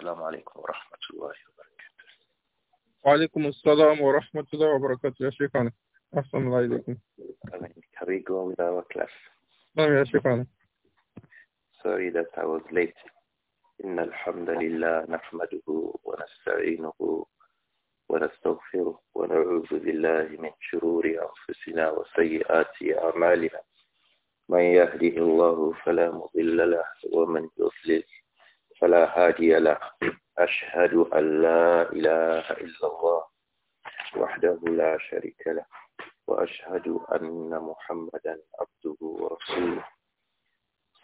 السلام عليكم ورحمة الله وبركاته وعليكم السلام ورحمة الله وبركاته يا شيخنا أحسن الله إليكم Can go with our class? نعم يا شيخنا Sorry that I was late إن الحمد لله نحمده ونستعينه ونستغفره ونعوذ بالله من شرور أنفسنا وسيئات أعمالنا من يهده الله فلا مضل له ومن يضلل فلا هادي له أشهد أن لا إله إلا الله وحده لا شريك له وأشهد أن محمدا عبده ورسوله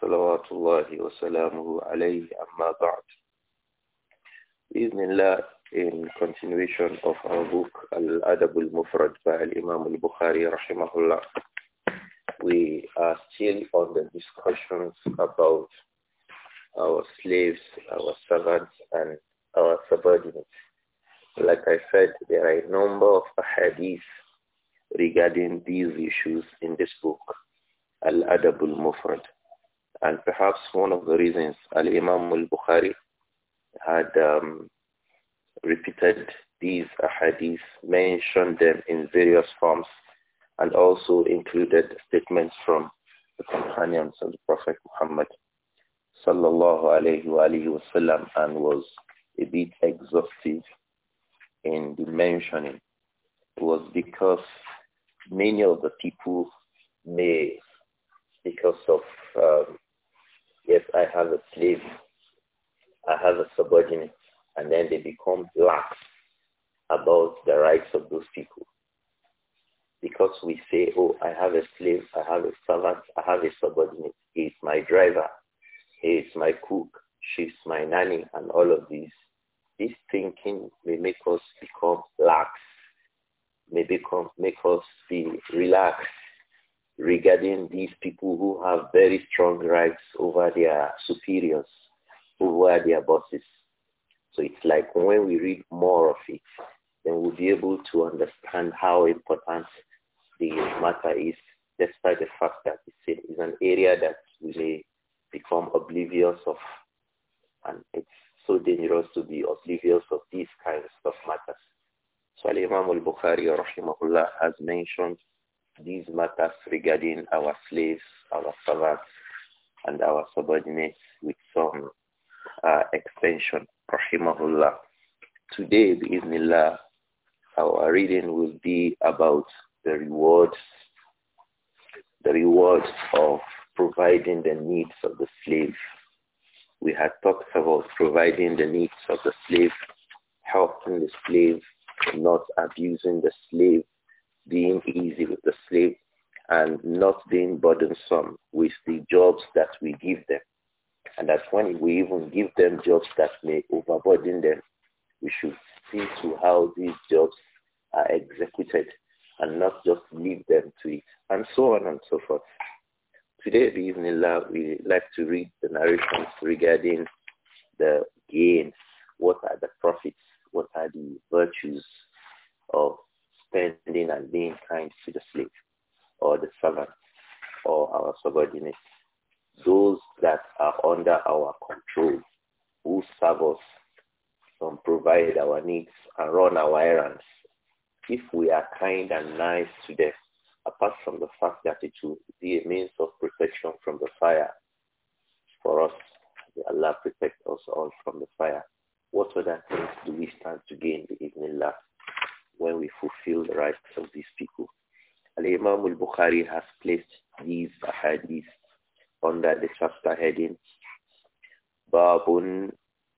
صلوات الله وسلامه عليه أما بعد بإذن الله in continuation of our book Al-Adab al-Mufrad by Imam al-Bukhari rahimahullah we are still on the discussions about our slaves, our servants, and our subordinates. Like I said, there are a number of hadiths regarding these issues in this book, Al-Adabul Mufrad. And perhaps one of the reasons Al-Imam al-Bukhari had um, repeated these hadiths, mentioned them in various forms, and also included statements from the companions of the Prophet Muhammad sallallahu alayhi wa alayhi wasallam and was a bit exhaustive in the mentioning was because many of the people may, because of, um, yes, I have a slave, I have a subordinate, and then they become lax about the rights of those people. Because we say, oh, I have a slave, I have a servant, I have a subordinate, he's my driver, is my cook, she's my nanny, and all of these, this thinking may make us become lax, may become, make us be relaxed regarding these people who have very strong rights over their superiors, over their bosses. So it's like when we read more of it, then we'll be able to understand how important the matter is, despite the fact that it's, an area that we may become oblivious of, and it's so dangerous to be oblivious of these kinds of matters. So Imam al-Bukhari rahimahullah has mentioned these matters regarding our slaves, our servants, and our subordinates with some uh, extension, rahimahullah. Today, Bismillah. our reading will be about the rewards, the rewards of providing the needs of the slave. We had talked about providing the needs of the slave, helping the slave, not abusing the slave, being easy with the slave, and not being burdensome with the jobs that we give them. And that when we even give them jobs that may overburden them, we should see to how these jobs are executed and not just leave them to it, and so on and so forth. Today, Bismillah, we like to read the narrations regarding the gains. What are the profits? What are the virtues of spending and being kind to the slave or the servant or our subordinates? Those that are under our control, who serve us, and provide our needs and run our errands. If we are kind and nice to them, apart from the fact that it will be a means of protection from the fire for us. Allah protect us all from the fire. What other things do we stand to gain the evening last when we fulfill the rights of these people? Al-Imam al-Bukhari has placed these hadiths under the chapter heading Babun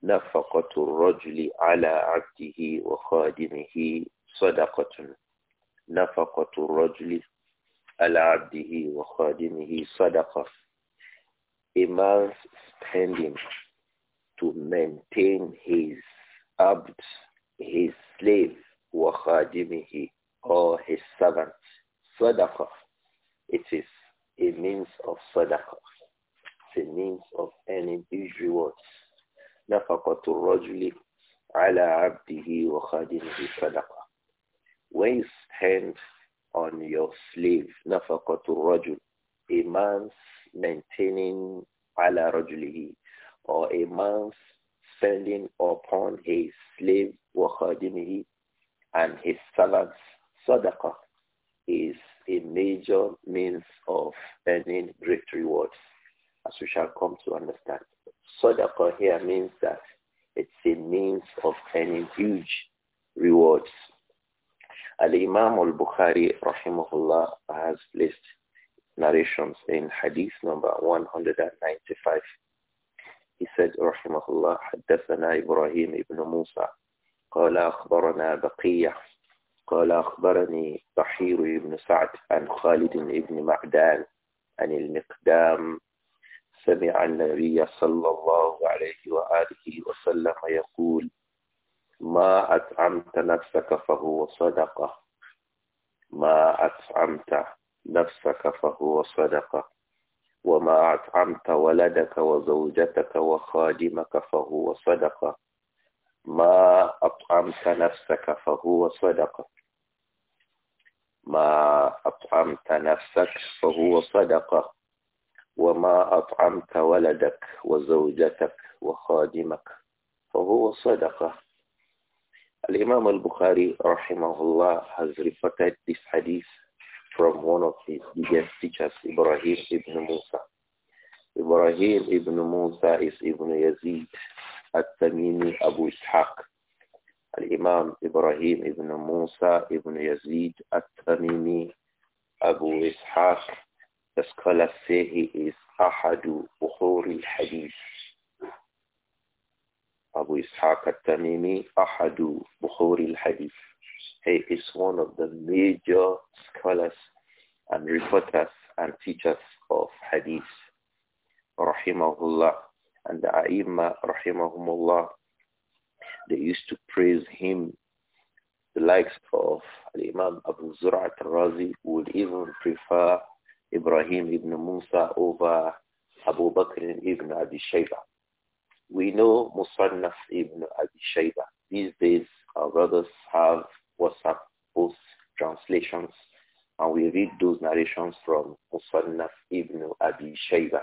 Nafaqatul Rajuli ala abdihi wa khadimihi sadaqatun. Nafaqatul Rajuli Ala abdihi wa وخادمه صدقة a man's spending to maintain his abd, his slave, wa وخادمه, or his servant. Sadaqah. It is a means of sadaqah. It's a means of earning these rewards. نفقة الرجل على عبده وخادمه صدقة. When you stand on your slave, nafaqatu rajul, a man's maintaining ala rajulihi, or a man's spending upon his slave wa khadimihi and his servants sadaqa is a major means of earning great rewards, as we shall come to understand. Sadaqa here means that it's a means of earning huge rewards Al-Imam al-Bukhari, rahimahullah, has placed narrations in hadith number 195. He said, رحمه الله, حدثنا إبراهيم ابن موسى قال أخبرنا بقية قال أخبرني بحير بن سعد عن خالد بن معدان عن المقدام سمع النبي صلى الله عليه وآله وسلم يقول ما أطعمت نفسك فهو صدقة ما أطعمت نفسك فهو صدقة وما أطعمت ولدك وزوجتك وخادمك فهو صدقة ما أطعمت نفسك فهو صدقة ما أطعمت نفسك فهو صدقة وما أطعمت ولدك وزوجتك وخادمك فهو صدقة Al-Imam al-Bukhari, rahimahullah, has reported this hadith from one of his biggest teachers, Ibrahim ibn Musa. Ibrahim ibn Musa is Ibn Yazid al-Tamimi Abu Ishaq. Al-Imam Ibrahim ibn Musa ibn Yazid al-Tamimi Abu Ishaq. The scholars say he is Ahadu Bukhari al-Hadith. Abu Ishaq al-Tamimi, Ahadu Bukhari al-Hadith. He is one of the major scholars and reporters and teachers of Hadith. Rahimahullah. And the A'imma, Rahimahumullah, they used to praise him. The likes of Imam Abu Zur'at al-Razi would even prefer Ibrahim ibn Musa over Abu Bakr ibn Abi Shaybah we know Musannaf ibn Abi Shayba. These days, our brothers have WhatsApp post translations, and we read those narrations from Musannaf ibn Abi Shayba.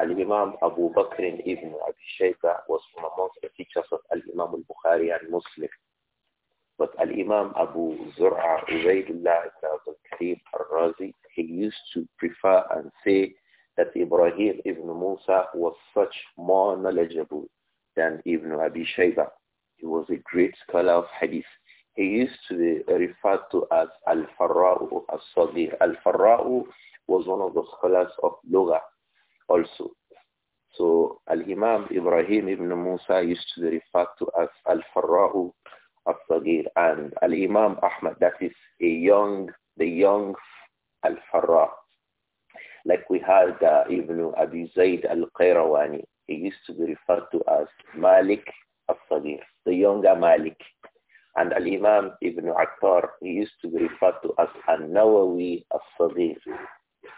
Al-Imam Abu Bakr ibn Abi Shayba was from among the teachers of Al-Imam al-Bukhari and Muslim. But Al-Imam Abu Zur'a Ubaidullah ibn al Karim al-Razi, he used to prefer and say, that Ibrahim ibn Musa was such more knowledgeable than Ibn Abi Shayba. He was a great scholar of hadith. He used to be referred to as Al-Farra'u Al sadir Al-Farra'u was one of the scholars of Luga. also. So Al-Imam Ibrahim ibn Musa used to be referred to as Al-Farra'u Al sadir And Al-Imam Ahmad, that is a young, the young al Farrau. Like we had uh, Ibn Abi Zayd al-Qayrawani. He used to be referred to as Malik al-Sadir, the younger Malik. And Al-Imam Ibn Attar, he used to be referred to as An-Nawawi al-Sadir.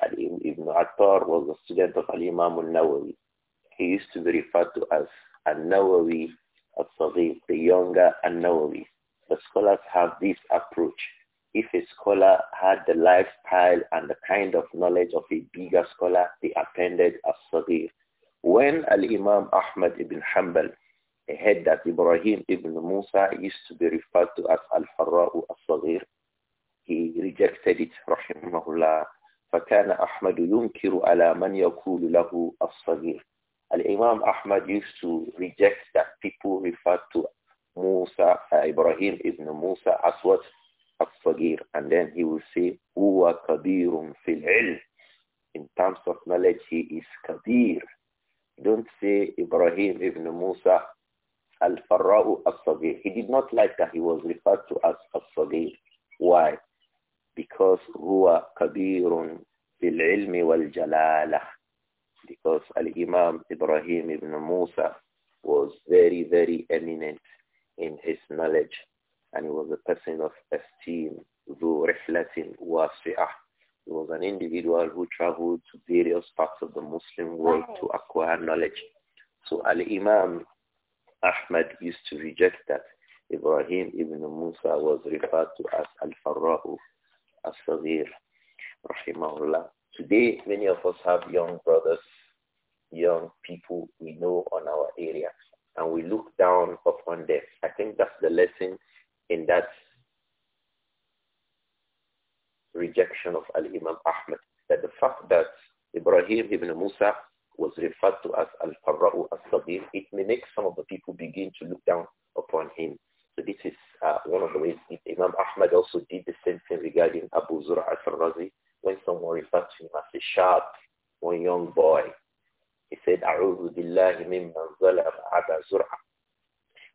Al Ibn Attar was a student of Al-Imam al-Nawawi. He used to be referred to as An-Nawawi al-Sadir, the younger al nawawi The scholars have this approach if a scholar had the lifestyle and the kind of knowledge of a bigger scholar, he appended as Sahih. When Al-Imam Ahmad ibn Hanbal heard that Ibrahim ibn Musa used to be referred to as Al-Farra'u al-Saghir, he rejected it, rahimahullah. فكان أحمد ينكر على من يقول له الصغير. Al-Imam Ahmad used to reject that people referred to Musa, uh, Ibrahim ibn Musa as what? as And then he will say, huwa kabirun fil ilm. In terms of knowledge, he is kabir. Don't say Ibrahim ibn Musa al-Farra'u He did not like that he was referred to as as Why? Because huwa kabirun fil ilmi wal jalalah. Because al-Imam Ibrahim ibn Musa was very, very eminent in his knowledge and he was a person of esteem, ذو رحلة واسعة. He was an individual who traveled to various parts of the Muslim world to acquire knowledge. So Al-Imam Ahmad used to reject that Ibrahim ibn Musa was referred to as Al-Farra'u, Al-Sazir, Rahimahullah. Today, many of us have young brothers, young people we know on our area, and we look down upon them. I think that's the lesson in that rejection of Al-Imam Ahmad, that the fact that Ibrahim ibn Musa was referred to as Al-Farra'u al-Sabir, it may make some of the people begin to look down upon him. So this is uh, one of the ways Imam Ahmad also did the same thing regarding Abu Zura al-Farrazi when someone referred to him as a sharp, one young boy. He said, أعوذ بالله ممن ظلم أبا زرعة.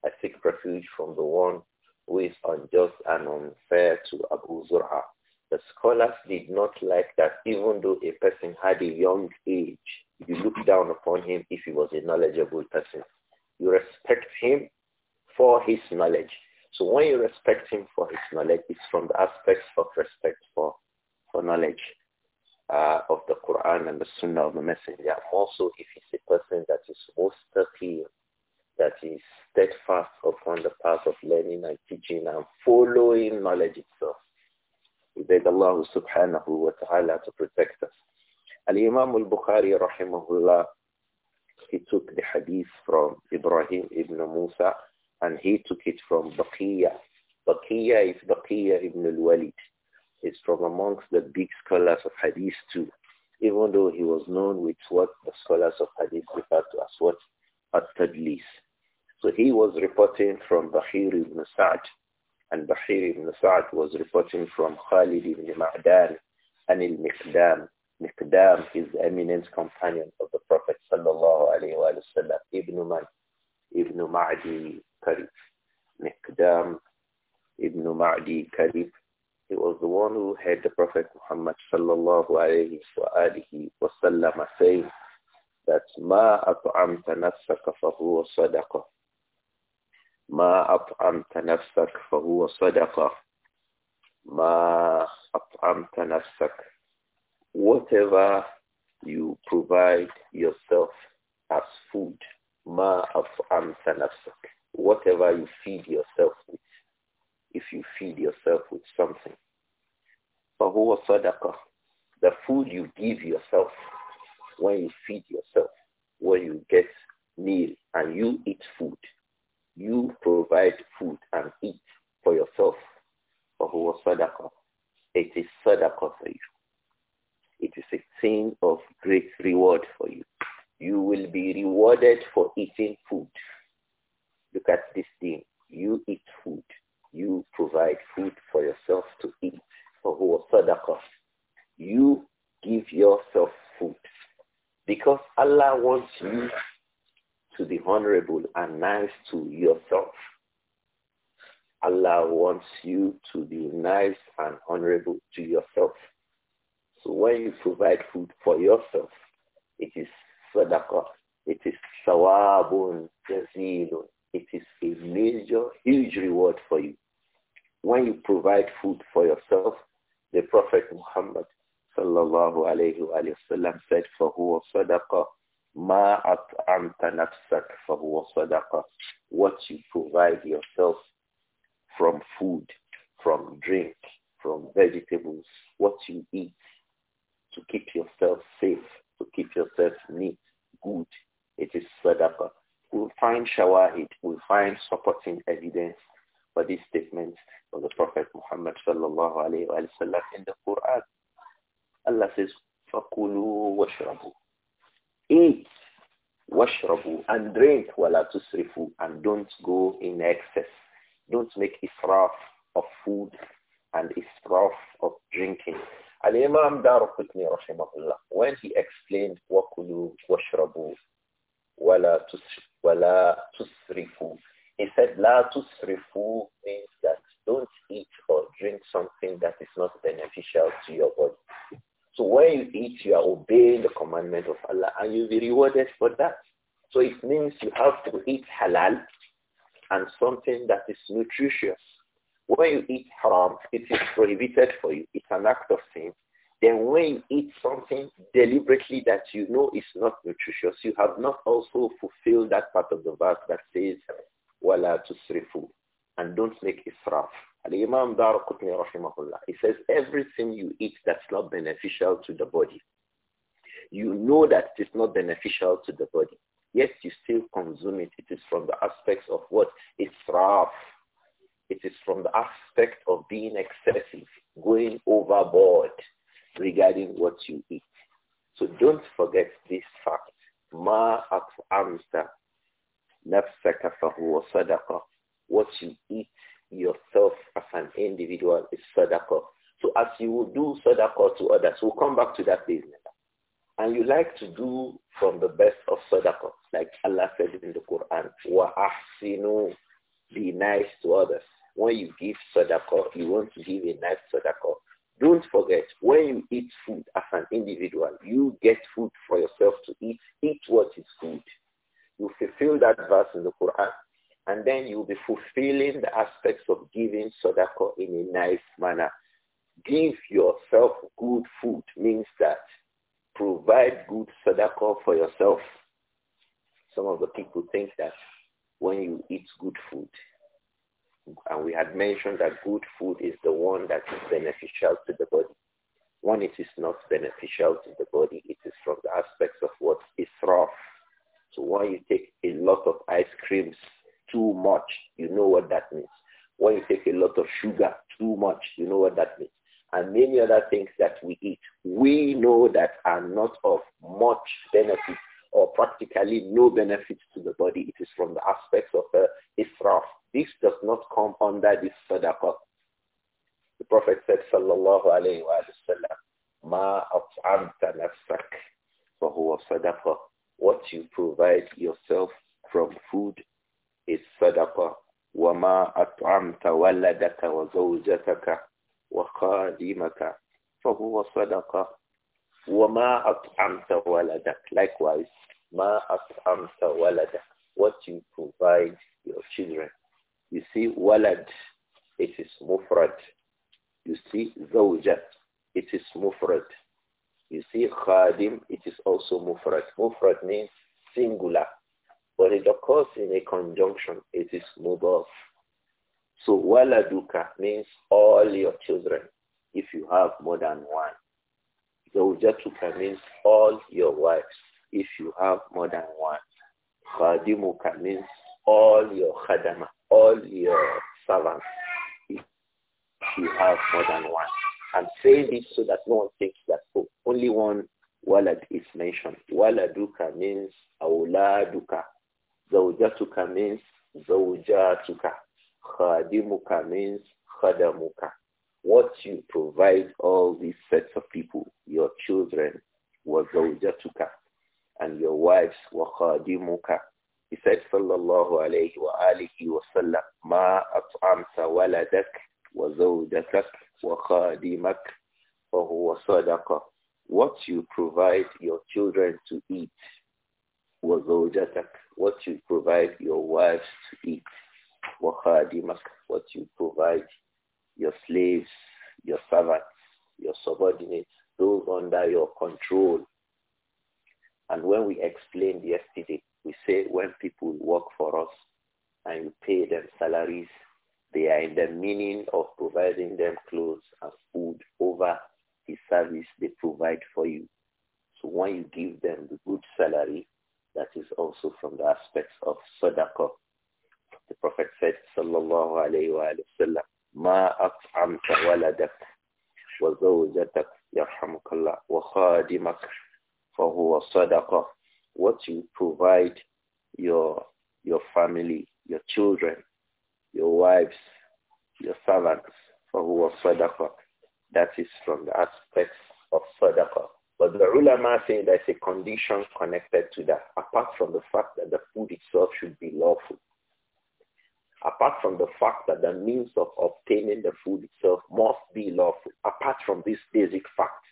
I seek refuge from the one who is unjust and unfair to Abu Zur'a. The scholars did not like that even though a person had a young age, you look down upon him if he was a knowledgeable person. You respect him for his knowledge. So when you respect him for his knowledge, it's from the aspects of respect for, for knowledge uh, of the Quran and the Sunnah of the Messenger. Also, if he's a person that is most appealing that is steadfast upon the path of learning and teaching and following knowledge itself. We beg Allah subhanahu wa ta'ala to protect us. Al-Imam al-Bukhari rahimahullah, he took the hadith from Ibrahim ibn Musa and he took it from Baqiyya. Baqiyya is Baqiyya ibn al-Walid. He's from amongst the big scholars of hadith too, even though he was known with what the scholars of hadith refer to as what? At-Tadlis so he was reporting from Bahir ibn Sa'd, and Bahir ibn Sa'd was reporting from Khalid ibn Ma'dan and al-Miqdam. Miqdam, his eminent companion of the Prophet sallallahu alayhi wa sallam, Ibn Man, Ibn Ma'di Karib. Miqdam Ibn Ma'di Karib, he was the one who had the Prophet Muhammad sallallahu alayhi wa alihi wa sallam saying that ma at'amta nafsaka fahuwa sadaqah ما أطعمت نفسك فهو صدقة ما أطعمت نفسك whatever you provide yourself as food ما أطعمت نفسك whatever you feed yourself with if you feed yourself with something فهو صدقة the food you give yourself when you feed yourself when you get meal and you eat food you provide food and eat for yourself. For who was sadaqah? It is sadaqah for you. It is a thing of great reward for you. You will be rewarded for eating food. Look at this thing. You eat food. You provide food for yourself to eat. For who was sadaqah? You give yourself food. Because Allah wants you to the honorable and nice to yourself. Allah wants you to be nice and honorable to yourself. So when you provide food for yourself, it is sadaqah, it is sawabun jazilun, it is a major, huge reward for you. When you provide food for yourself, the Prophet Muhammad sallallahu alayhi wa sallam said, فَهُوَ صَدَقَةٌ Ma at'amta nafsak sadaqa. What you provide yourself from food, from drink, from vegetables, what you eat to keep yourself safe, to keep yourself neat, good, it is sadaqa. We'll find shawahid, we'll find supporting evidence for this statement of the Prophet Muhammad sallallahu alayhi wa sallam in the Quran. Allah says, فَكُلُوا وَاشْرَبُوا Eat, washrabu, and drink, wala tusrifu, and don't go in excess. Don't make israf of food and israf of drinking. Al-Imam Daruqutni rahimahullah, when he explained wakulu, washrabu, wala, tus, wala tusrifu, he said la tusrifu means that don't eat or drink something that is not beneficial to your body. So when you eat, you are obeying the commandment of Allah and you'll be rewarded for that. So it means you have to eat halal and something that is nutritious. When you eat haram, it is prohibited for you. It's an act of sin. Then when you eat something deliberately that you know is not nutritious, you have not also fulfilled that part of the verse that says, wala tusrifu, and don't make israf. Al-Imam rahimahullah, he says everything you eat that's not beneficial to the body, you know that it is not beneficial to the body, yet you still consume it. It is from the aspects of what? it's rough. It is from the aspect of being excessive, going overboard regarding what you eat. So don't forget this fact. Ma at'amta nafsaka fahuwa sadaqa. What you eat yourself as an individual is sadaqah. So as you will do sadaqah to others, we'll come back to that business. And you like to do from the best of sadaqah, like Allah said in the Quran, wa ahsinu, be nice to others. When you give sadaqah, you want to give a nice sadaqah. Don't forget, when you eat food as an individual, you get food for yourself to eat. Eat what is good. You fulfill that verse in the Quran and then you'll be fulfilling the aspects of giving sadaqah in a nice manner. Give yourself good food means that provide good sadaqah for yourself. Some of the people think that when you eat good food, and we had mentioned that good food is the one that is beneficial to the body. One, it is not beneficial to the body, it is from the aspects of what is rough. So when you take a lot of ice creams, too much, you know what that means. When you take a lot of sugar too much, you know what that means. And many other things that we eat, we know that are not of much benefit or practically no benefit to the body. It is from the aspects of uh, israf. This does not come under this sadaqah. The Prophet said, sallallahu alayhi wa sallam, ma at'amta nafsak, sadaqah. What you provide yourself from food is sadaqah. وَمَا أَطْعَمْتَ وَلَدَكَ وَزَوْجَتَكَ وَقَادِمَكَ فَهُوَ صَدَقَةً وَمَا أَطْعَمْتَ وَلَدَكَ Likewise, مَا أَطْعَمْتَ وَلَدَكَ What you provide your children. You see, walad, it is mufrad. You see, zawja, it is mufrad. You see, khadim, it is also mufrad. Mufrad means singular. But it occurs in a conjunction. It is mudaf. So waladuka means all your children, if you have more than one. Zawjatuka means all your wives, if you have more than one. Khadimuka means all your khadama, all your servants, if you have more than one. I'm saying this so that no one thinks that oh, only one walad is mentioned. Waladuka means awladuka, Zawjatuka means zawjatuka. Khadimuka means khadamuka. What you provide all these sets of people, your children, was zawjatuka, and your wives, wa khadimuka. He said, sallallahu alayhi wa alihi wa sallam, ma at'amta waladak wa zawjakak wa khadimak, fahuwa sadaqah. What you provide your children to eat, was zawjatak, what you provide your wives to eat, what you provide your slaves, your servants, your subordinates, those under your control. And when we explained yesterday, we say when people work for us and you pay them salaries, they are in the meaning of providing them clothes and food over the service they provide for you. So when you give them the good salary, that is also from the aspects of sadaqah. The Prophet said, sallallahu alayhi wa sallam, ما أطعمت ولدك وزوجتك يرحمك الله وخادمك فهو صدقة. What you provide your your family, your children, your wives, your servants, فهو sadaqah. That is from the aspects of sadaqah. But the ulama say there's a condition connected to that, apart from the fact that the food itself should be lawful. Apart from the fact that the means of obtaining the food itself must be lawful, apart from this basic fact.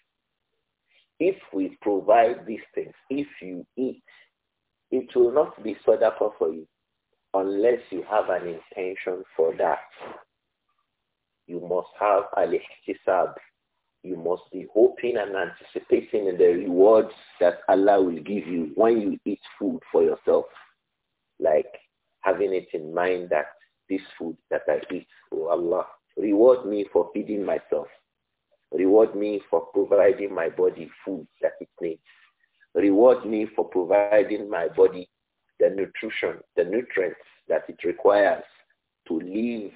If we provide these things, if you eat, it will not be sadaqah for you unless you have an intention for that. You must have al-ihtisab, you must be hoping and anticipating in the rewards that Allah will give you when you eat food for yourself. Like having it in mind that this food that I eat, oh Allah, reward me for feeding myself. Reward me for providing my body food that it needs. Reward me for providing my body the nutrition, the nutrients that it requires to live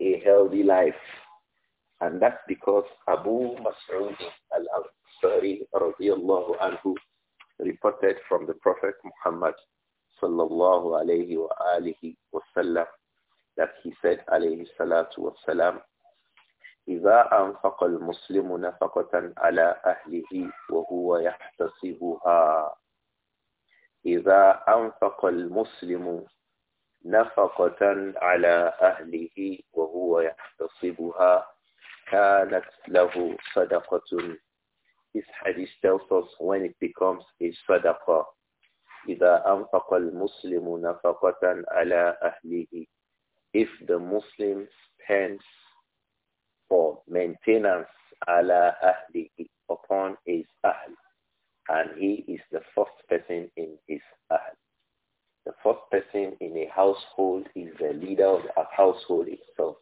a healthy life and that's because Abu Mas'ud al-Ansari radiallahu anhu reported from the Prophet Muhammad sallallahu alayhi wa alihi wasallam that he said alayhi salatu wasalam إذا أنفق المسلم نفقة على أهله وهو يحتسبها إذا أنفق المسلم نفقة على أهله وهو يحتسبها كانت له صدقة This hadith tells us when it becomes a sadaqah. إذا أنفق المسلم نفقة على أهله If the Muslim spends for maintenance على أهله upon his أهل and he is the first person in his أهل The first person in a household is the leader of the household itself.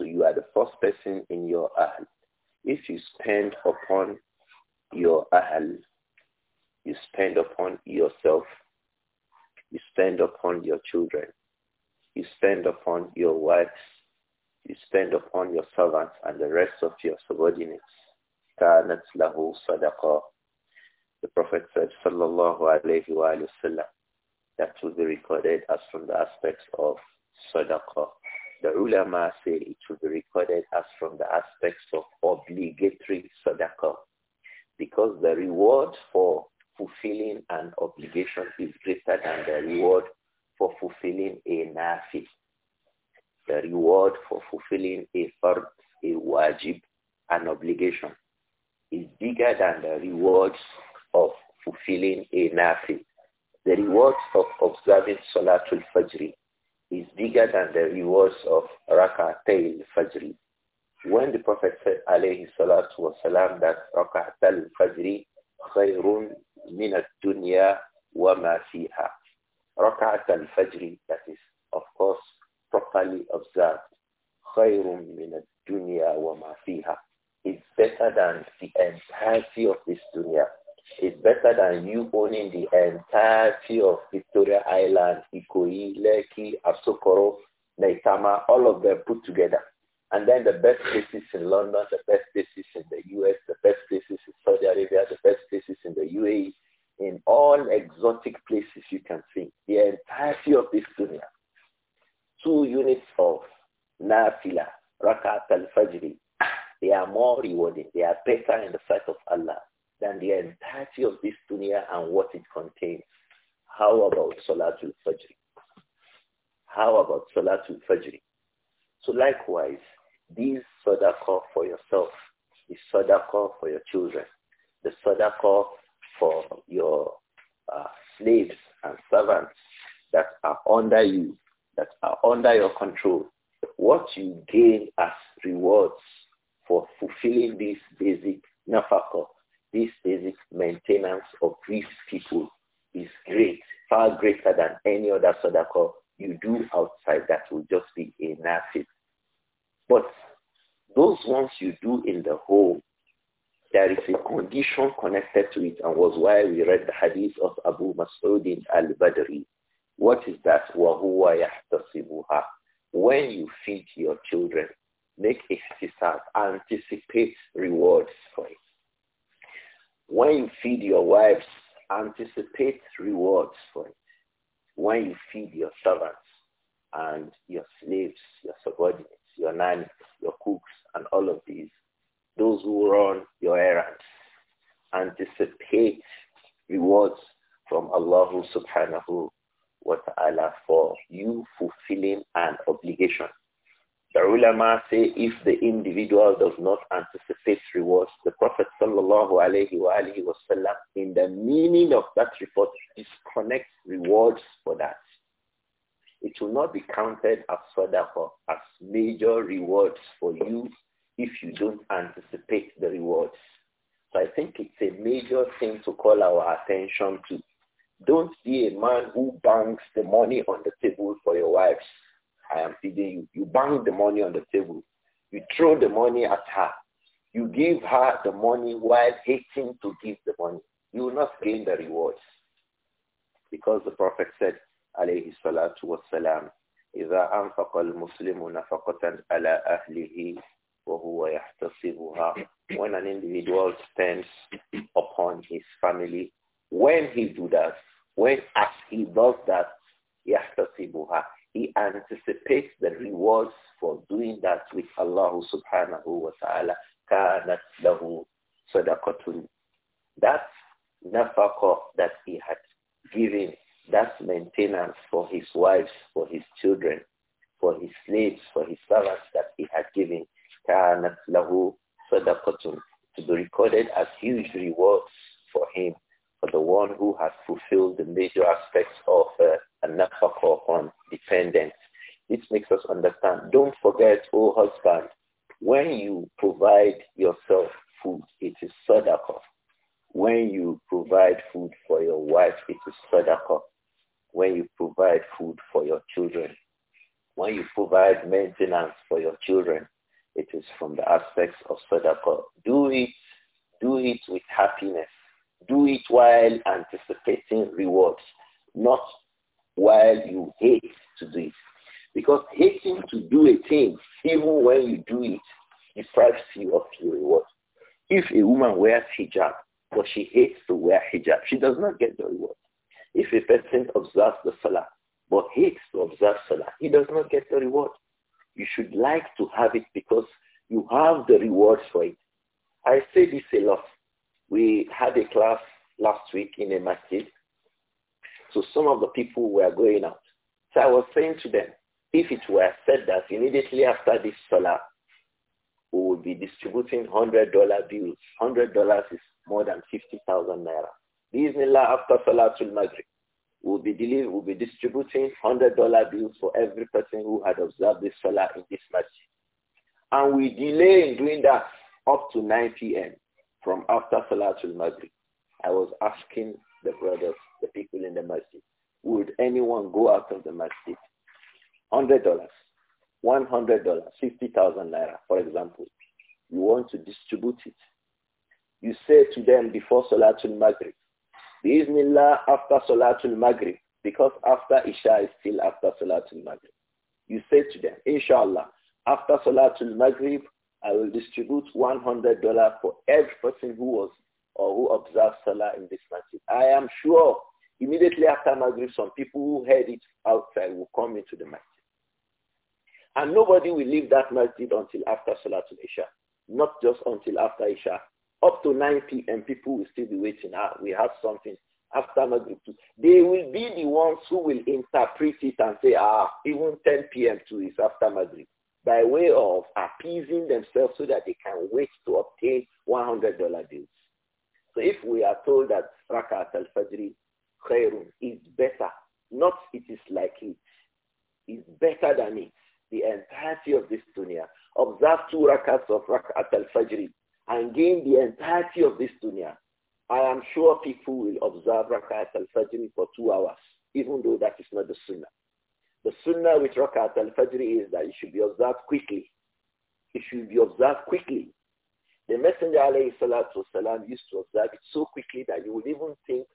So you are the first person in your ahl. If you spend upon your ahl, you spend upon yourself, you spend upon your children, you spend upon your wives, you spend upon your servants and the rest of your subordinates. The Prophet said, sallallahu Alaihi Wasallam. that will be recorded as from the aspects of sadaqah. The ulama say it should be recorded as from the aspects of obligatory sadaqah because the reward for fulfilling an obligation is greater than the reward for fulfilling a nafi. The reward for fulfilling a fard, a wajib, an obligation is bigger than the rewards of fulfilling a nafi. The rewards of observing Salatul Fajr is bigger than the rewards of Raka'atay al-Fajr. When the Prophet said, alayhi salatu wasalam, that Raka'atay al-Fajr khayrun min al-dunya wa ma fiha. Raka'atay al-Fajr, that is, of course, properly observed, khayrun min al-dunya wa ma fiha. It's better than the entirety of this dunya is better than you owning the entirety of Victoria Island, Ikoyi, Leki, Asokoro, Naitama, all of them put together. And then the best places in London, the best places in the US, the best places in Saudi Arabia, the best places in the UAE, in all exotic places you can see. The entirety of this dunya. Two units of nafila, rakat al-fajri. They are more rewarding. They are better in the sight of Allah than the entirety of this dunya and what it contains. How about Salatul Fajr? How about Salatul Fajr? So likewise, this sadaqah for yourself, the sadaqah for your children, the sadaqah for your uh, slaves and servants that are under you, that are under your control, what you gain as rewards for fulfilling this basic nafaqah this basic maintenance of these people is great, far greater than any other sadaqah you do outside that will just be enough. But those ones you do in the home, there is a condition connected to it and was why we read the hadith of Abu Mas'ud al-Badri. What is that? وَهُوَ يَحْتَصِبُهَا When you feed your children, make ihtisab, anticipate rewards for it. When you feed your wives, anticipate rewards for it. When you feed your servants and your slaves, your subordinates, your nannies, your cooks, and all of these, those who run your errands, anticipate rewards from Allah subhanahu wa ta'ala for you fulfilling an obligation. The ulama say if the individual does not anticipate rewards, the Prophet sallallahu alayhi wa in the meaning of that report, disconnects rewards for that. It will not be counted as sadaqah, as major rewards for you if you don't anticipate the rewards. So I think it's a major thing to call our attention to. Don't be a man who banks the money on the table for your wives I am feeding you. You bang the money on the table. You throw the money at her. You give her the money while hating to give the money. You will not gain the rewards. Because the Prophet said, alayhi salatu wassalam, إذا أنفق المسلم نفقة على أهله وهو يحتسبها When an individual spends upon his family, when he do that, when as he does that, يحتسبها he anticipates the rewards for doing that with Allah subhanahu wa ta'ala. كَانَتْ لَهُ صَدَقَةٌ That nafaqah that he had given, that maintenance for his wives, for his children, for his slaves, for his servants that he had given, كَانَتْ لَهُ صَدَقَةٌ To be recorded as huge rewards for him for the one who has fulfilled the major aspects of uh, an-nafaqah dependents. This makes us understand. Don't forget, oh husband, when you provide yourself food, it is sadaqah. When you provide food for your wife, it is sadaqah. When you provide food for your children, when you provide maintenance for your children, it is from the aspects of sadaqah. Do it, do it with happiness do it while anticipating rewards, not while you hate to do it. Because hating to do a thing, even when you do it, deprives you of your reward. If a woman wears hijab, but she hates to wear hijab, she does not get the reward. If a person observes the salah, but hates to observe salah, he does not get the reward. You should like to have it because you have the rewards for it. I say this a lot. We had a class last week in a masjid. So some of the people were going out. So I was saying to them, if it were said that immediately after this salah, we would be distributing $100 bills. $100 is more than 50,000 naira. Bismillah after Salatul Maghrib, we'll be, deliver, we'll be distributing $100 bills for every person who had observed this salah in this masjid. And we delay in doing that up to 9 p.m from after Salatul Maghrib, I was asking the brothers, the people in the masjid, would anyone go out of the masjid? $100, $100, 50,000 naira, for example. You want to distribute it. You say to them before Salatul Maghrib, Bismillah after Salatul Maghrib, because after Isha is still after Salatul Maghrib. You say to them, Inshallah, after Salatul Maghrib, I will distribute $100 for every person who was or who observes Salah in this masjid. I am sure immediately after Maghrib, some people who heard it outside will come into the masjid. And nobody will leave that masjid until after to Isha, not just until after Isha. Up to 9 p.m., people will still be waiting. Ah, we have something after Maghrib too. They will be the ones who will interpret it and say, ah, even 10 p.m. too is after Maghrib by way of appeasing themselves so that they can wait to obtain $100 bills. So if we are told that Rakat al-Fajr khairun is better, not it is like it, is better than it, the entirety of this dunya. Observe two rakats of Rakat al-Fajr and gain the entirety of this dunya. I am sure people will observe Rakat al-Fajr for two hours, even though that is not the sunnah. The sunnah with Rakat al-Fajr is that it should be observed quickly. It should be observed quickly. The Messenger alayhi salatu wasalam used to observe it so quickly that you would even think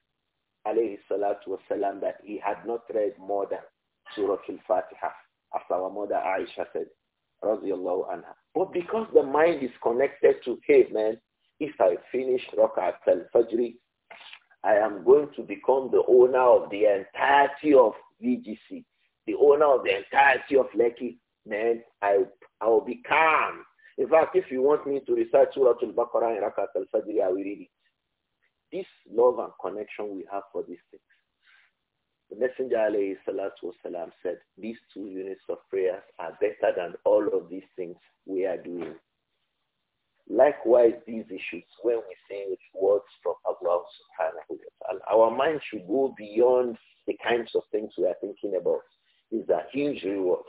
alayhi salatu wasalam that he had not read more than Surah al-Fatiha as our mother Aisha said, radiallahu anha. But because the mind is connected to, hey man, if I finish Rakat al-Fajr, I am going to become the owner of the entirety of VGC the owner of the entirety of Lekki, man, I, I will be calm. In fact, if you want me to recite Surah Al-Baqarah and Rakat Al-Fajr, I will read it. This love and connection we have for these things. The Messenger alayhi salatu said, these two units of prayers are better than all of these things we are doing. Likewise, these issues, when we say words from Allah subhanahu wa ta'ala, our mind should go beyond the kinds of things we are thinking about is that huge reward.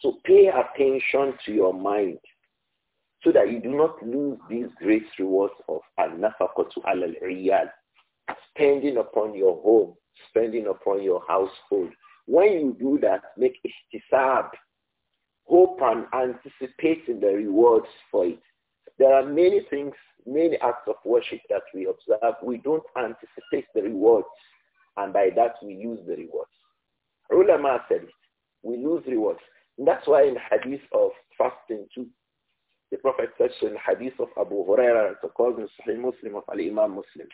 So pay attention to your mind so that you do not lose these great rewards of al-nafaqatu al spending upon your home, spending upon your household. When you do that, make ihtisab, hope and anticipating the rewards for it. There are many things, many acts of worship that we observe. We don't anticipate the rewards, and by that we use the rewards. Ulama said, we lose rewards. And that's why in hadith of fasting too, the Prophet said in hadith of Abu Huraira, it's a cause in Sahih Muslim of Al-Imam Muslim,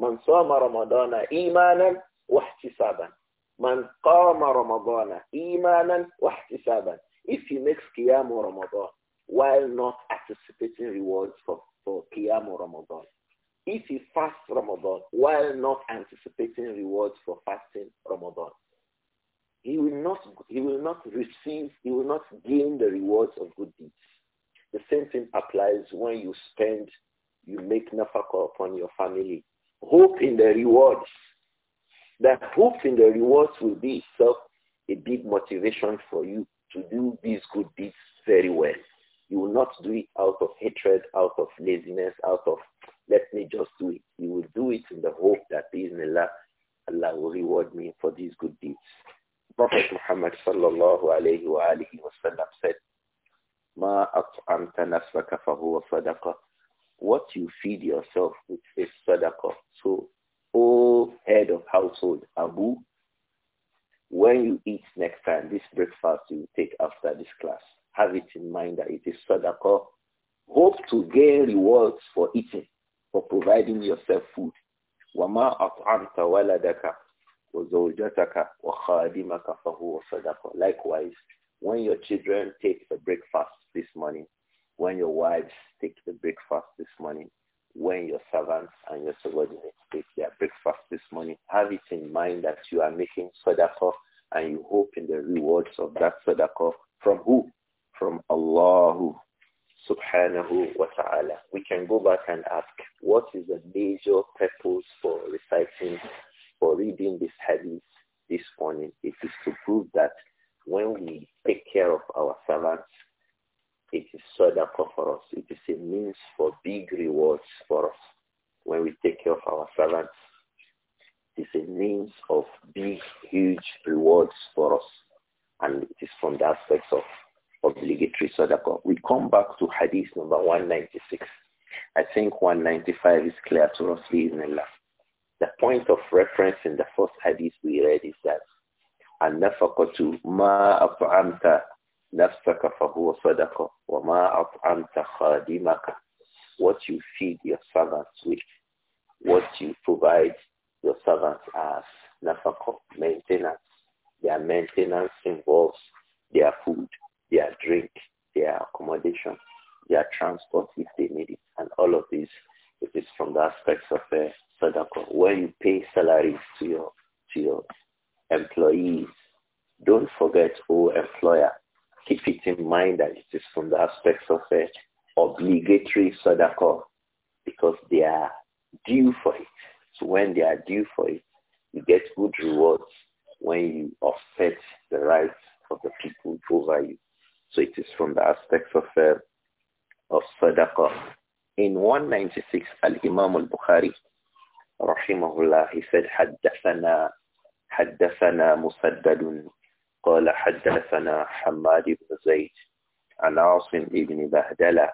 من iman رمضان إيمانا واحتسابا من قام iman إيمانا واحتسابا If he makes Qiyam Ramadan while not anticipating rewards for, for Qiyam Ramadan, if he fasts Ramadan while not anticipating rewards for fasting Ramadan, he will not he will not receive he will not gain the rewards of good deeds. The same thing applies when you spend, you make nafaka upon your family. Hope in the rewards. That hope in the rewards will be itself a big motivation for you to do these good deeds very well. You will not do it out of hatred, out of laziness, out of let me just do it. You will do it in the hope that in Allah, Allah will reward me for these good deeds. Prophet Muhammad sallallahu alayhi wa alihi wasallam said, Ma at'amta nafsaka fahuwa sadaqah. What you feed yourself with is sadaqah. So, O head of household, Abu, when you eat next time, this breakfast you take after this class, have it in mind that it is sadaqah. Hope to gain rewards for eating, for providing yourself food. وَمَا أَطْعَمْتَ وَلَدَكَ Likewise, when your children take the breakfast this morning, when your wives take the breakfast this morning, when your servants and your subordinates take their breakfast this morning, have it in mind that you are making sadaqah and you hope in the rewards of that sadaqah from who? From Allah subhanahu wa ta'ala. We can go back and ask, what is the major purpose for reciting for reading this hadith this morning, it is to prove that when we take care of our servants, it is sadaqah for us. It is a means for big rewards for us. When we take care of our servants, it is a means of big, huge rewards for us. And it is from the aspects of obligatory sadaqah. We come back to hadith number 196. I think 195 is clear to us, in Allah point of reference in the first hadith we read is that النفقة ما أطعمت نفسك فهو صدقة وما أطعمت خادمك What you feed your servants with, what you provide your servants as nafaka maintenance. Their maintenance involves their food, their drink, their accommodation, their transport if they need it, and all of these, it is from the aspects of uh, sadaqah. When you pay salaries to your to your employees, don't forget, oh employer, keep it in mind that it is from the aspects of a obligatory sadaqah because they are due for it. So when they are due for it, you get good rewards when you offset the rights of the people over you. So it is from the aspects of uh, of sadaqah. In 196, Al-Imam al-Bukhari رحمه الله he حدثنا حدثنا مسدد قال حدثنا حماد بن زيد عن عاصم بن بهدلة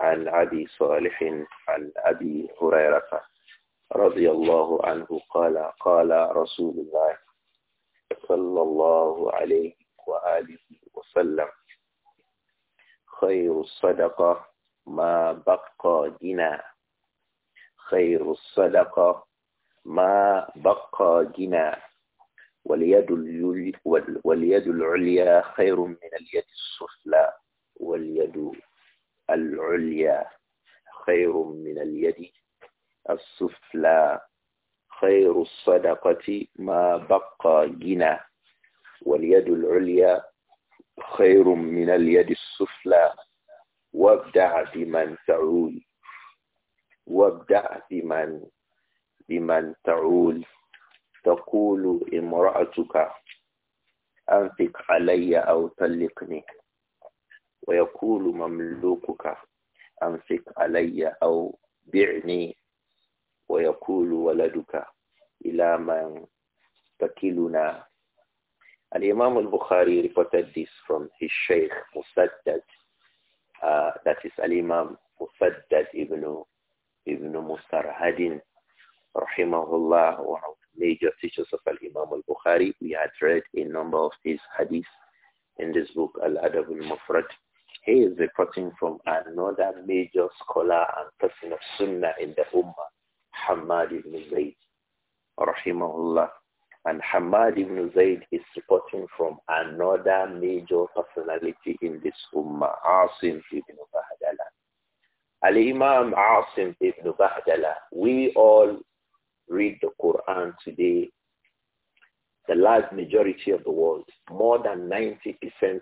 عن أبي صالح عن أبي هريرة رضي الله عنه قال قال رسول الله صلى الله عليه وآله وسلم خير الصدقة ما بقى دينار خير الصدقة ما بقى جنا واليد واليد العليا خير من اليد السفلى واليد العليا خير من اليد السفلى خير الصدقة ما بقى جنا واليد العليا خير من اليد السفلى وابدع بمن تعول وابدأ بمن بمن تعول تقول امرأتك أنفق علي أو طلقني ويقول مملوكك أنفق علي أو بعني ويقول ولدك إلى من تكلنا الإمام البخاري reported this from his Shaykh Musaddad uh, that is Musaddad ibn Ibn Mustar Hadin, rahimahullah, one of the major teachers of Al-Imam al-Bukhari. We had read a number of his hadiths in this book, Al-Adab al-Mufrad. He is reporting from another major scholar and person of Sunnah in the Ummah, Hamad ibn Zayd, rahimahullah. And Hamad ibn Zayd is reporting from another major personality in this Ummah, Asim ibn Bahadalan. Al-Imam Asim ibn Bahdala, we all read the Quran today, the large majority of the world, more than 90%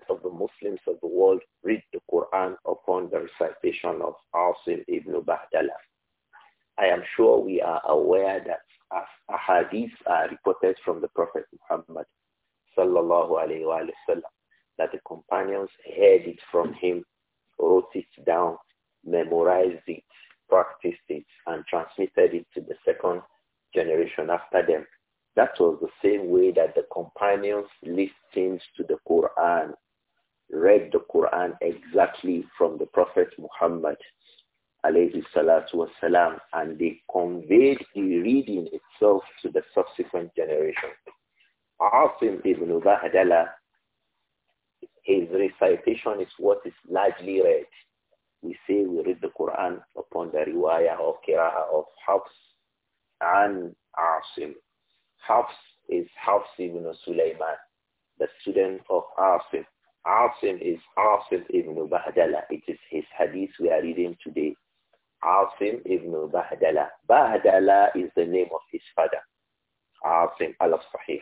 of the Muslims of the world read the Quran upon the recitation of Asim ibn Bahdala. I am sure we are aware that as ahadith are reported from the Prophet Muhammad sallallahu alayhi wa that the companions heard it from him, wrote it down, memorized it, practiced it, and transmitted it to the second generation after them. That was the same way that the companions listened to the Quran, read the Quran exactly from the Prophet Muhammad alayhi salatu wasalam, and they conveyed the reading itself to the subsequent generation. Asim ibn Bahdala, his recitation is what is largely read we say we read the Quran upon the riwayah or kiraha of Hafs and Asim. Hafs is Hafs ibn Sulaiman, the student of Asim. Asim is Asim ibn Bahdala. It is his hadith we are reading today. Asim ibn Bahdala. Bahdala is the name of his father. Asim al-Sahih.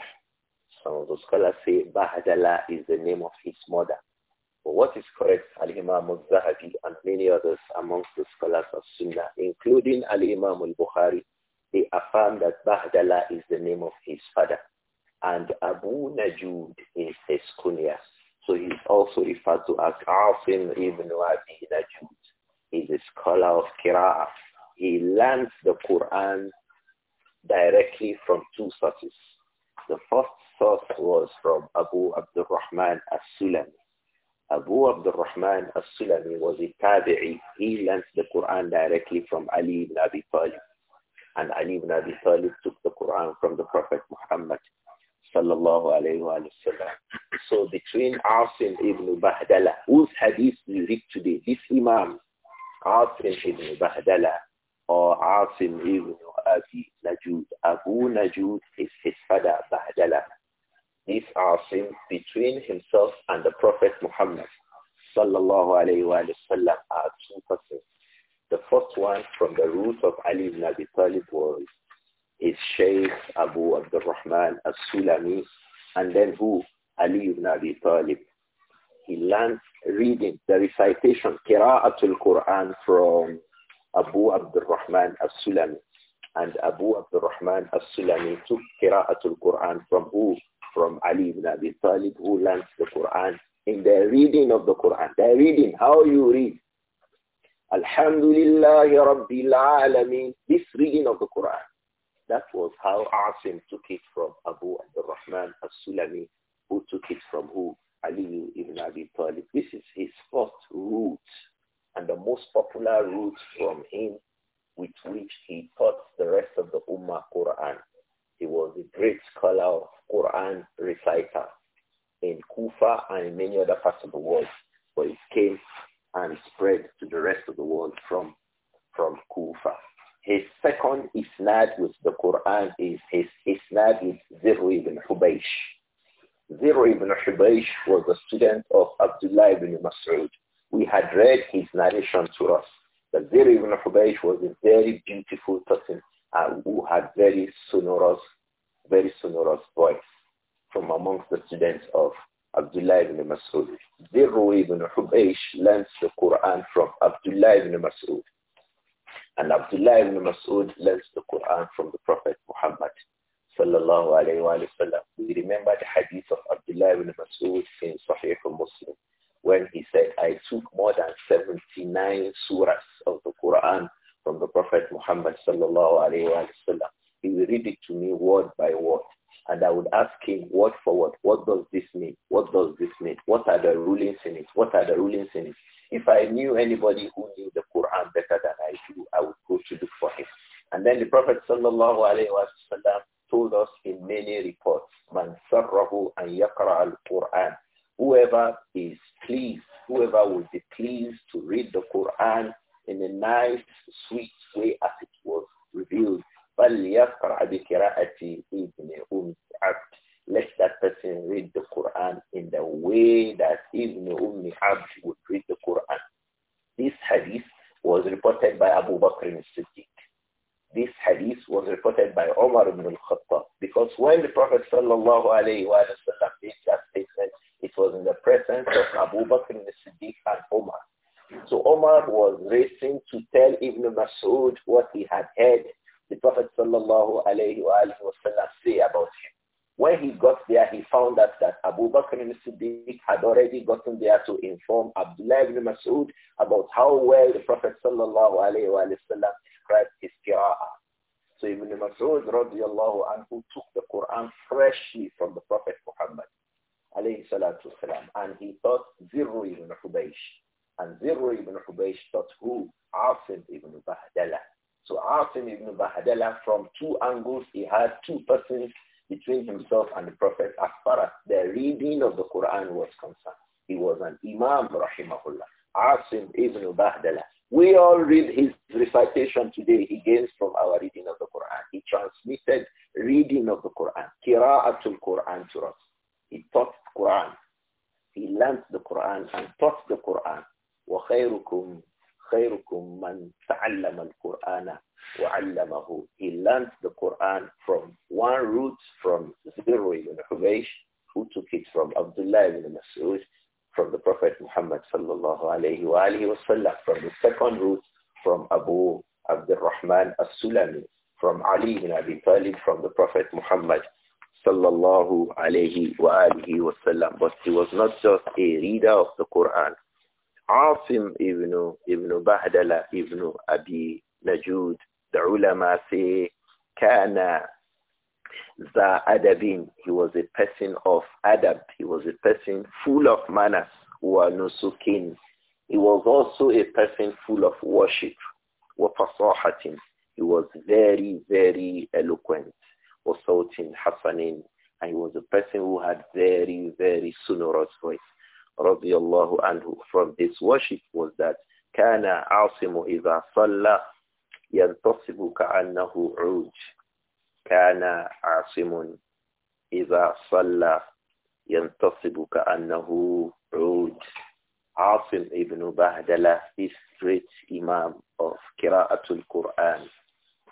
Some of the scholars say Bahdala is the name of his mother. But what is correct, Al-Imam al-Zahabi and many others amongst the scholars of Sunnah, including Al-Imam al-Bukhari, they affirm that Bahdala is the name of his father and Abu Najud is his kunya. So he's also referred to as Asim ibn Abi Najud. He's a scholar of Qur'an. He learns the Quran directly from two sources. The first source was from Abu Abdurrahman as-Sulami Abu Abdurrahman as-Sulami was a tabi'i. He learnt the Quran directly from Ali ibn Abi Talib. And Ali ibn Abi Talib took the Quran from the Prophet Muhammad sallallahu alayhi wa So between Asim ibn Bahdala, whose hadith we read today, this Imam, Asim ibn Bahdala, or Asim ibn Abi Najud, Abu Najud is his father, Bahdala. These are seen between himself and the Prophet Muhammad sallallahu alayhi wa sallam are two persons. The first one from the root of Ali ibn Abi Talib was his Shaykh Abu al-Rahman al-Sulami and then who? Ali ibn Abi Talib. He learned reading, the recitation, Qira'atul Quran from Abu al-Rahman al-Sulami. And Abu al-Rahman al-Sulami took Qira'atul Quran from who? from Ali ibn Abi Talib who learns the Quran in the reading of the Quran. The reading, how you read. Alhamdulillah Rabbil Alameen. This reading of the Quran. That was how Asim took it from Abu Abdul Rahman al-Sulami, who took it from who? Ali ibn Abi Talib. This is his first route and the most popular route from him with which he taught the rest of the Ummah Quran he was a great scholar of Quran reciter in Kufa and in many other parts of the world. But it came and spread to the rest of the world from, from Kufa. His second isnad with the Quran is his isnad with Zirr ibn Hubaysh. Zirr ibn Hubaysh was a student of Abdullah ibn Mas'ud. We had read his narration to us. But Zirr ibn Hubaysh was a very beautiful person uh, who had very sonorous, very sonorous voice from amongst the students of Abdullah ibn Mas'ud. Dirru ibn Hubaysh learns the Quran from Abdullah ibn Mas'ud. And Abdullah ibn Mas'ud learns the Quran from the Prophet Muhammad sallallahu alayhi wa sallam. We remember the hadith of Abdullah ibn Mas'ud in Sahih Muslim when he said, I took more than 79 surahs of the Quran from the Prophet Muhammad sallallahu alaihi wasallam. He will read it to me word by word. And I would ask him word for word, what does this mean? What does this mean? What are the rulings in it? What are the rulings in it? If I knew anybody who knew the Quran better than I do, I would go to look for him. And then the Prophet sallallahu alaihi wasallam told us in many reports, man sarrahu an yaqra al-Quran. Whoever is pleased, whoever will be pleased to read the Quran in a nice, sweet way as it was revealed. Let that person read the Quran in the way that Ibn Umm Abd would read the Quran. This hadith was reported by Abu Bakr as-Siddiq. This hadith was reported by Omar ibn al-Khattab because when the Prophet sallallahu alayhi wa sallam made that statement, it was in the presence of Abu Bakr as-Siddiq and Omar. So Omar was racing to tell Ibn Mas'ud what he had heard the Prophet sallallahu alayhi wa say about him. When he got there, he found out that Abu Bakr al-Siddiq had already gotten there to inform Abdullah ibn Mas'ud about how well the Prophet sallallahu alayhi wa described his qira'ah. So Ibn Mas'ud radiallahu anhu took the Quran freshly from the Prophet Muhammad alayhi salatu and he taught Zirru ibn Hubaysh. And Zirr ibn Hubaysh taught who? Asim ibn Bahadala. So Asim ibn Bahadala, from two angles, he had two persons between himself and the Prophet as far as the reading of the Quran was concerned. He was an Imam, rahimahullah. Asim ibn Bahdala. We all read his recitation today. He gains from our reading of the Quran. He transmitted reading of the Quran, Qira'atul Quran to us. He taught Quran. He learned the Quran and taught the Quran. وَخَيْرُكُمْ خَيْرُكُمْ مَنْ تَعَلَّمَ الْقُرْآنَ وَعَلَّمَهُ He learned the Quran from one root from Zero ibn Hubaysh, who took it from Abdullah ibn Mas'ud, from the Prophet Muhammad sallallahu alayhi wa alihi wasallam, from the second root from Abu Abdurrahman as-Sulami, from Ali ibn Abi Talib, from the Prophet Muhammad sallallahu alayhi wa alihi wasallam. But he was not just a reader of the Quran. Asim ibn, ibn Bahdala ibn Abi Najud, the ulama say, Kana za adabin. He was a person of adab. He was a person full of manners. Wa nusukin. He was also a person full of worship. Wa fasahatin. He was very, very eloquent. Wa sautin hasanin. And he was a person who had very, very sonorous voice radiallahu anhu from his worship was that كان عاصم إذا صلى ينتصب كأنه عوج كان عاصم إذا صلى ينتصب كأنه عود عاصم ابن بهدلة is great imam of قراءة القرآن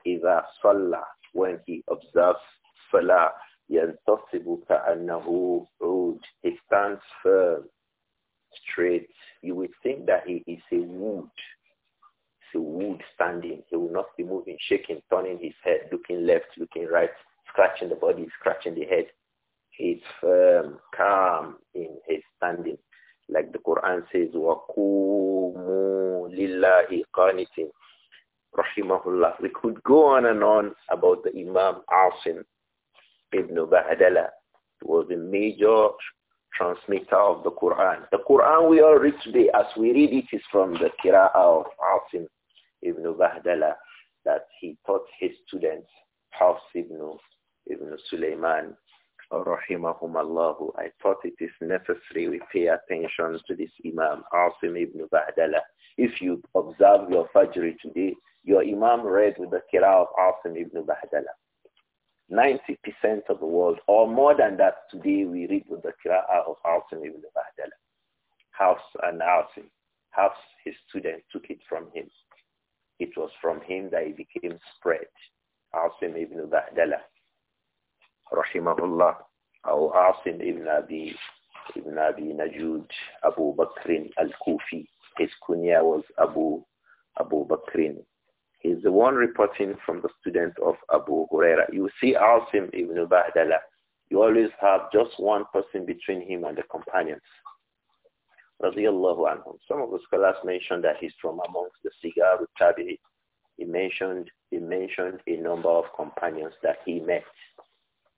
إذا صلى when he observes صلاة ينتصب كأنه عود he stands firm straight. You would think that he is a wood. It's a wood standing. He will not be moving, shaking, turning his head, looking left, looking right, scratching the body, scratching the head. He's firm, calm in his standing. Like the Quran says, وَقُومُوا لِلَّهِ قَانِتٍ Rahimahullah. We could go on and on about the Imam Asim ibn Bahadala. He was a major transmitter of the Quran. The Quran we all read today as we read it is from the Qira'ah of Asim ibn Bahdala that he taught his students, Hafs ibn, ibn Sulaiman, rahimahumallahu. I thought it is necessary we pay attention to this Imam Asim ibn Bahdala. If you observe your Fajr today, your Imam read with the Qira'ah of Asim ibn Bahdala. 90% of the world, or more than that today, we read with the Qira'ah of Asim ibn Bahdala. House and Asim. House, his student, took it from him. It was from him that it became spread. Asim ibn Bahdala. Rahimahullah. Or Asim ibn Abi, ibn Abi Najud, Abu Bakrin al-Kufi. His kunya was Abu, Abu Bakrin He's the one reporting from the student of Abu Huraira. You see Asim ibn Ba'dala. You always have just one person between him and the companions. anhum. Some of the scholars mentioned that he's from amongst the Sigar Tabi. He mentioned, he mentioned a number of companions that he met.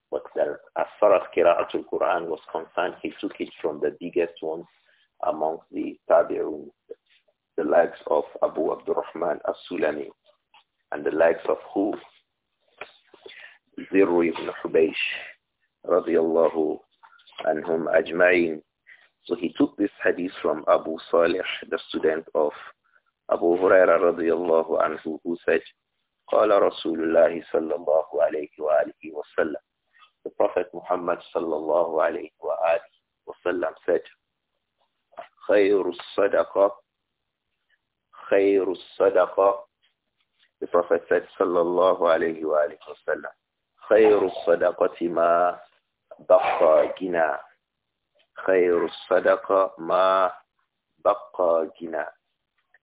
But the, as far as Qira'atul Quran was concerned, he took it from the biggest ones amongst the Tabi'un, the likes of Abu Abdurrahman as-Sulami, and the likes of who? Zirru ibn Hubaysh, radiallahu anhum ajma'in. So he took this hadith from Abu Salih, the student of Abu Huraira radiallahu anhu, who said, قال رسول الله صلى الله عليه وآله وسلم The Prophet Muhammad صلى الله عليه وآله وسلم said, خير الصدقة خير الصدقة the Prophet said, Sallallahu alayhi wa sallam, خير الصدقة ما بقى جنا خير الصدقة ما بقى جنا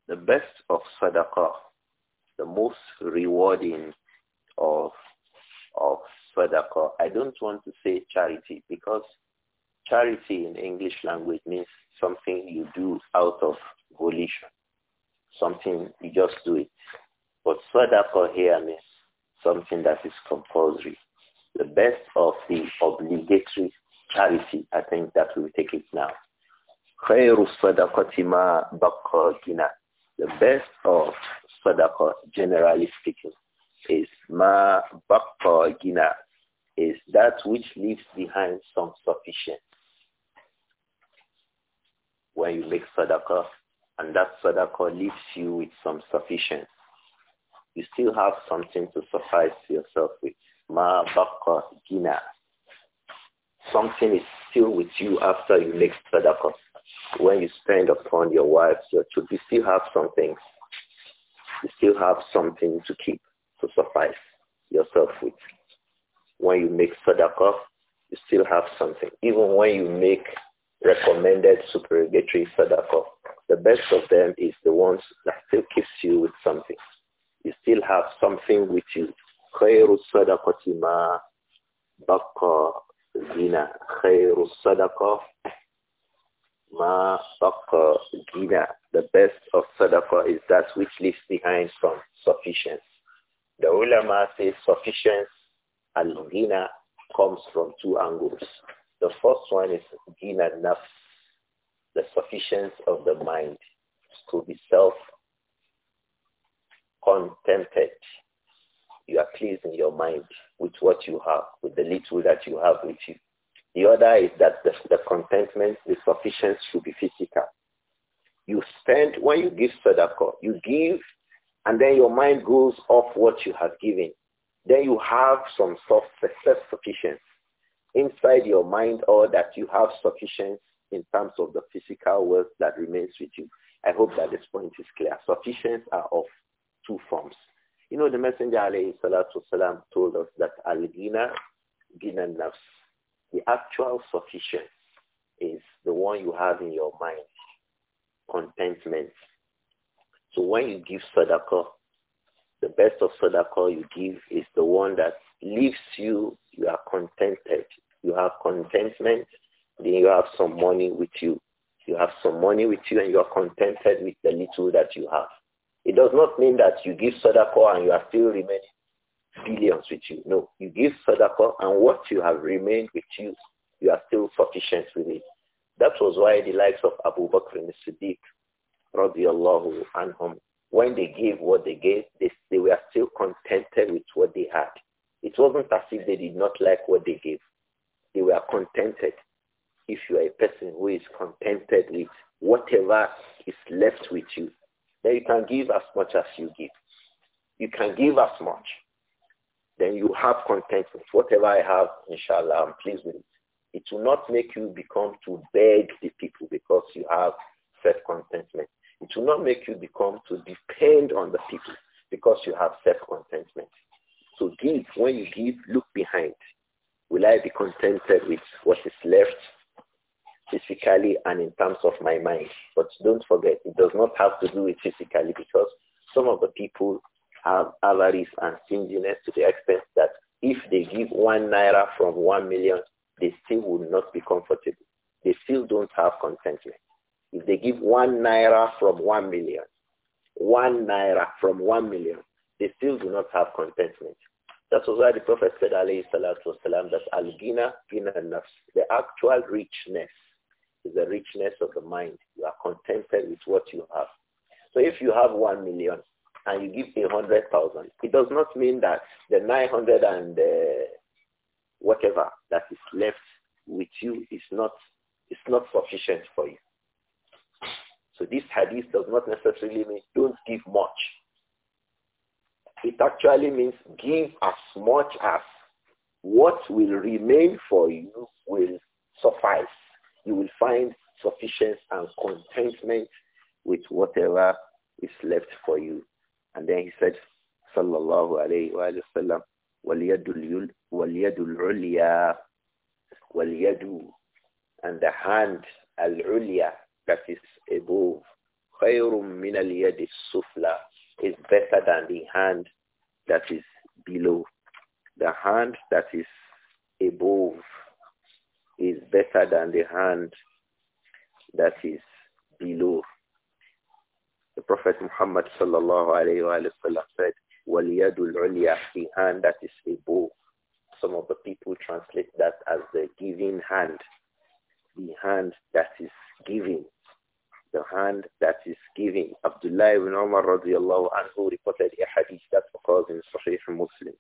The best of sadaqah, the most rewarding of of sadaqah. I don't want to say charity because charity in English language means something you do out of volition, something you just do it. But sadaqah here means something that is compulsory. The best of the obligatory charity, I think that we take it now. The best of sadaqah, generally speaking, is ma gina, is that which leaves behind some sufficient. When you make sadaqah, and that sadaqah leaves you with some sufficient you still have something to suffice yourself with. Ma baqa gina. Something is still with you after you make sadaqah. When you spend upon your wives, your children, you still have something. You still have something to keep, to suffice yourself with. When you make sadaqah, you still have something. Even when you make recommended supererogatory sadaqah, the best of them is the ones that still keeps you with something you still have something which is خير الصدقة ما بقى غنى خير الصدقة ما بقى غنى the best of صدقة is that which leaves behind from sufficiency the ulama says sufficiency al ghina comes from two angles the first one is ghina النفس, the sufficiency of the mind to be self contented. You are pleased in your mind with what you have, with the little that you have with you. The other is that the, the contentment, the sufficiency should be physical. You spend, when you give sadaqah, you give and then your mind goes off what you have given. Then you have some self-sufficiency inside your mind or that you have sufficiency in terms of the physical wealth that remains with you. I hope that this point is clear. Sufficiency are of two forms. You know, the Messenger alayhi salatu salam told us that al-gina, gina nafs. The actual sufficiency is the one you have in your mind, contentment. So when you give sadaqah, the best of sadaqah you give is the one that leaves you, you are contented. You have contentment, then you have some money with you. You have some money with you and you are contented with the little that you have. It does not mean that you give sadaqah and you are still remaining billions with you. No, you give sadaqah and what you have remained with you, you are still sufficient with it. That was why the likes of Abu Bakr and Siddiq, radiallahu anhum, when they gave what they gave, they, they were still contented with what they had. It wasn't as if they did not like what they gave. They were contented. If you are a person who is contented with whatever is left with you, then you can give as much as you give. You can give as much. Then you have contentment. Whatever I have, inshallah, I'm pleased with it. It will not make you become to beg the people because you have self-contentment. It will not make you become to depend on the people because you have self-contentment. So give. When you give, look behind. Will I be contented with what is left physically and in terms of my mind. But don't forget, it does not have to do with physically because some of the people have avarice and stinginess to the extent that if they give one naira from one million, they still will not be comfortable. They still don't have contentment. If they give one naira from one million, one naira from one million, they still do not have contentment. That was why the Prophet said, alayhi salatu wasalam, that al-gina, gina nafs, the actual richness is the richness of the mind. You are contented with what you have. So if you have one million and you give a hundred thousand, it does not mean that the nine hundred and uh, whatever that is left with you is not is not sufficient for you. So this hadith does not necessarily mean don't give much. It actually means give as much as what will remain for you will suffice you will find sufficiency and contentment with whatever is left for you. And then he said, Sallallahu alayhi wa sallam, وَلْيَدُ الْعُلْيَا وَلْيَدُ And the hand, al-ulya, that is above, خَيْرٌ مِنَ الْيَدِ sufla is better than the hand that is below. The hand that is above is better than the hand that is below. The Prophet Muhammad sallallahu alayhi wa sallam said, وَالْيَدُ الْعُلْيَا The hand that is above. Some of the people translate that as the giving hand. The hand that is giving. The hand that is giving. Abdullah ibn Umar radiallahu anhu reported a hadith that occurs in Sahih Muslim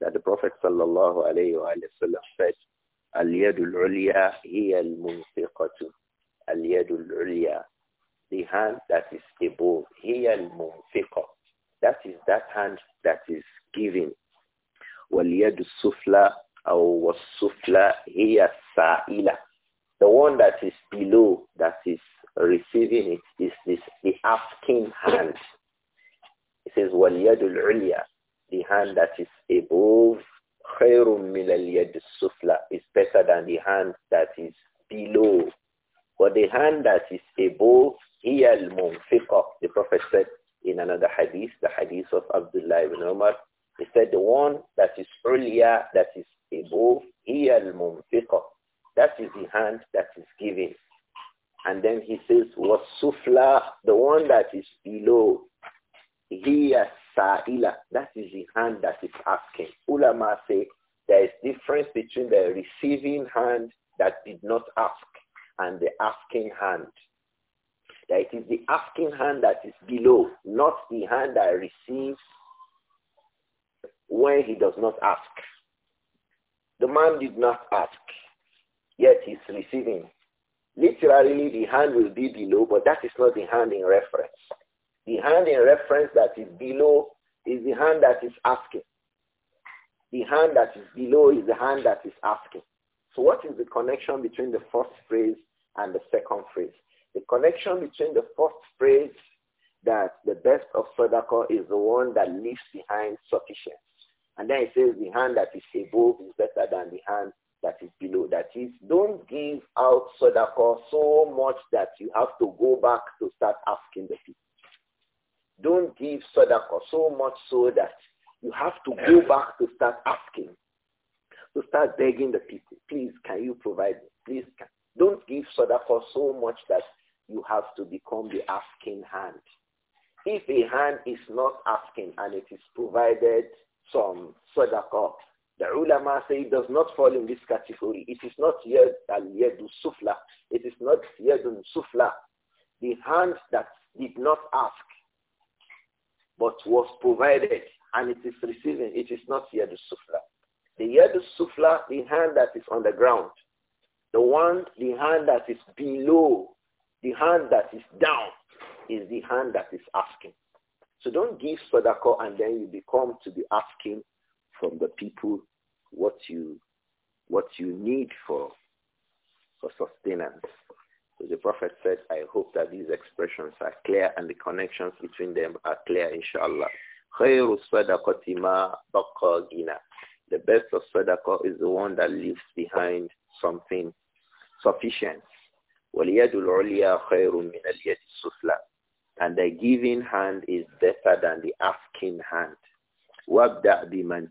that the Prophet sallallahu alayhi wa sallam said, اليد العليا هي المنفقة اليد العليا the hand that is above هي المنفقة that is that hand that is giving واليد السفلى أو والسفلى هي السائلة the one that is below that is receiving it is this the asking hand it says واليد العليا the hand that is above khayrun min sufla is better than the hand that is below. But the hand that is above, hiya al The Prophet said in another hadith, the hadith of Abdullah ibn Umar, he said the one that is earlier, that is above, hiya al-munfiqa. is the hand that is giving. And then he says, was sufla, the one that is below, Hiya sa'ila. That is the hand that is asking. Ulama say there is difference between the receiving hand that did not ask and the asking hand. That it is the asking hand that is below, not the hand that receives when he does not ask. The man did not ask, yet he's receiving. Literally, the hand will be below, but that is not the hand in reference. The hand in reference that is below is the hand that is asking. The hand that is below is the hand that is asking. So what is the connection between the first phrase and the second phrase? The connection between the first phrase that the best of Sadaqah is the one that leaves behind sufficiency. And then it says the hand that is above is better than the hand that is below. That is, don't give out Sadaqah so much that you have to go back to start asking the people. Don't give sadaqah so much so that you have to go back to start asking, to start begging the people, please, can you provide me? Please, can. don't give sadaqah so much that you have to become the asking hand. If a hand is not asking and it is provided some sadaqah, the ulama say it does not fall in this category. It is not yet al-yadu sufla. It is not yadun sufla. The hand that did not ask but was provided and it is receiving, it is not Yadu Sufla. The Yadu Sufla, the hand that is on the ground, the one, the hand that is below, the hand that is down, is the hand that is asking. So don't give call, and then you become to be asking from the people what you what you need for for sustenance the Prophet said, I hope that these expressions are clear and the connections between them are clear, inshallah. The best of sadaqah is the one that leaves behind something sufficient. And the giving hand is better than the asking hand. The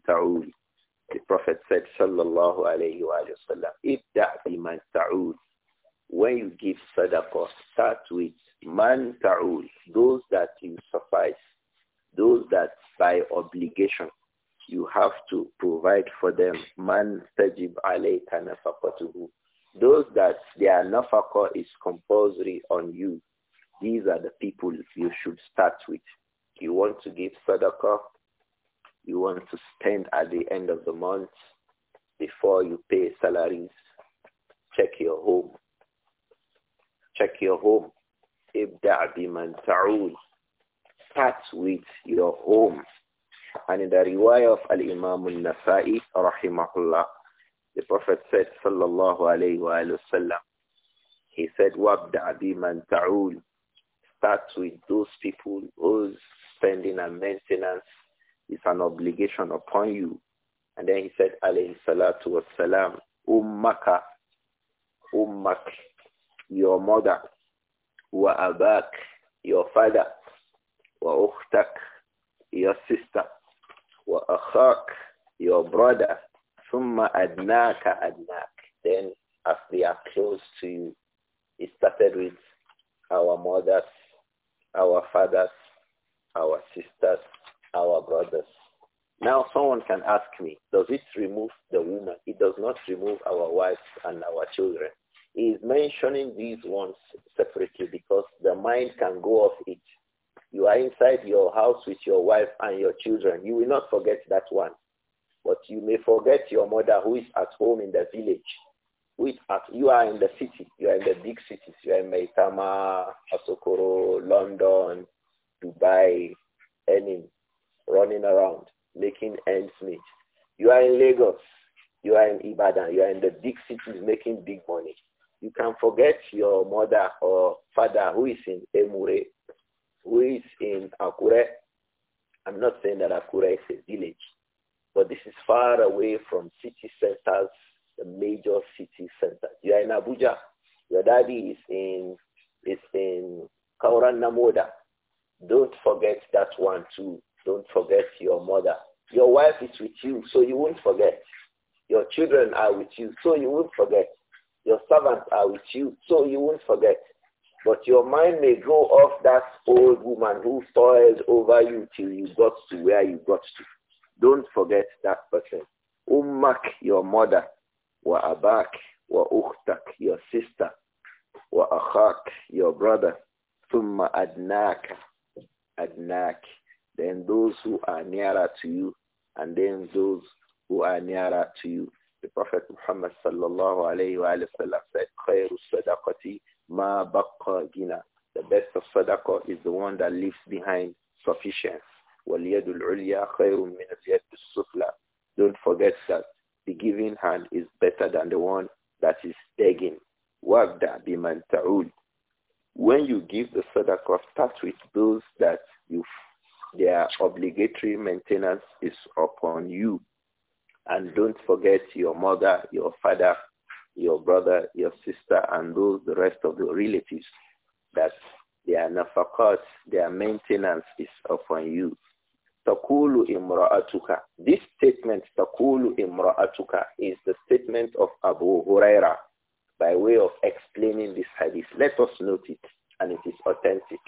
Prophet said, sallallahu alayhi wa sallam, ibda' biman when you give sadaqah, start with man ta'ul, those that you suffice, those that by obligation you have to provide for them. Man tajib alayka nafaqatuhu. Those that their nafaqah is compulsory on you, these are the people you should start with. You want to give sadaqah, you want to spend at the end of the month before you pay salaries, check your home, Check your home. Ibda biman ta'ul. Start with your home. And in the riwayah of Al-Imam al-Nasa'i, rahimahullah, the Prophet said, sallallahu alayhi wa, sallam, he said, وَابْدَعْ biman تَعُولُ Start with those people whose spending and maintenance is an obligation upon you. And then he said, alayhi salatu was-salam, ummaka, ummaka.' your mother, your father, your sister, your brother, Then as they are close to you, it started with our mothers, our fathers, our sisters, our brothers. Now someone can ask me, does it remove the woman? It does not remove our wives and our children is mentioning these ones separately because the mind can go off it. You are inside your house with your wife and your children. You will not forget that one. But you may forget your mother who is at home in the village. Who is at, you are in the city. You are in the big cities. You are in Maitama, Asokoro, London, Dubai, earning, running around, making ends meet. You are in Lagos. You are in Ibadan. You are in the big cities making big money you can forget your mother or father who is in Emure, who is in Akure. I'm not saying that Akure is a village, but this is far away from city centers, the major city centers. You are in Abuja. Your daddy is in is in Kauran Namoda. Don't forget that one too. Don't forget your mother. Your wife is with you, so you won't forget. Your children are with you, so you won't forget. Your servants are with you, so you won't forget. But your mind may go off that old woman who toiled over you till you got to where you got to. Don't forget that person. Ummak, your mother. Wa abak, wa ukhtak, your sister. Wa achak, your brother. Thumma adnak, adnak. Then those who are nearer to you, and then those who are nearer to you. The Prophet Muhammad sallallahu alayhi wa sallam said, خَيْرُ الصَّدَقَةِ ma بَقَّ gina." The best of sadaqah is the one that leaves behind sufficiency. وَالْيَدُ الْعُلْيَا خَيْرٌ مِنَ الْيَدِ السُّفْلَى Don't forget that the giving hand is better than the one that is begging. وَابْدَعْ بِمَنْ تَعُولُ When you give the sadaqah, start with those that you, their obligatory maintenance is upon you and don't forget your mother, your father, your brother, your sister, and those the rest of the relatives that their nafaqat, their maintenance is upon you. Takulu imra'atuka. This statement, takulu imra'atuka, is the statement of Abu Huraira by way of explaining this hadith. Let us note it, and it is authentic.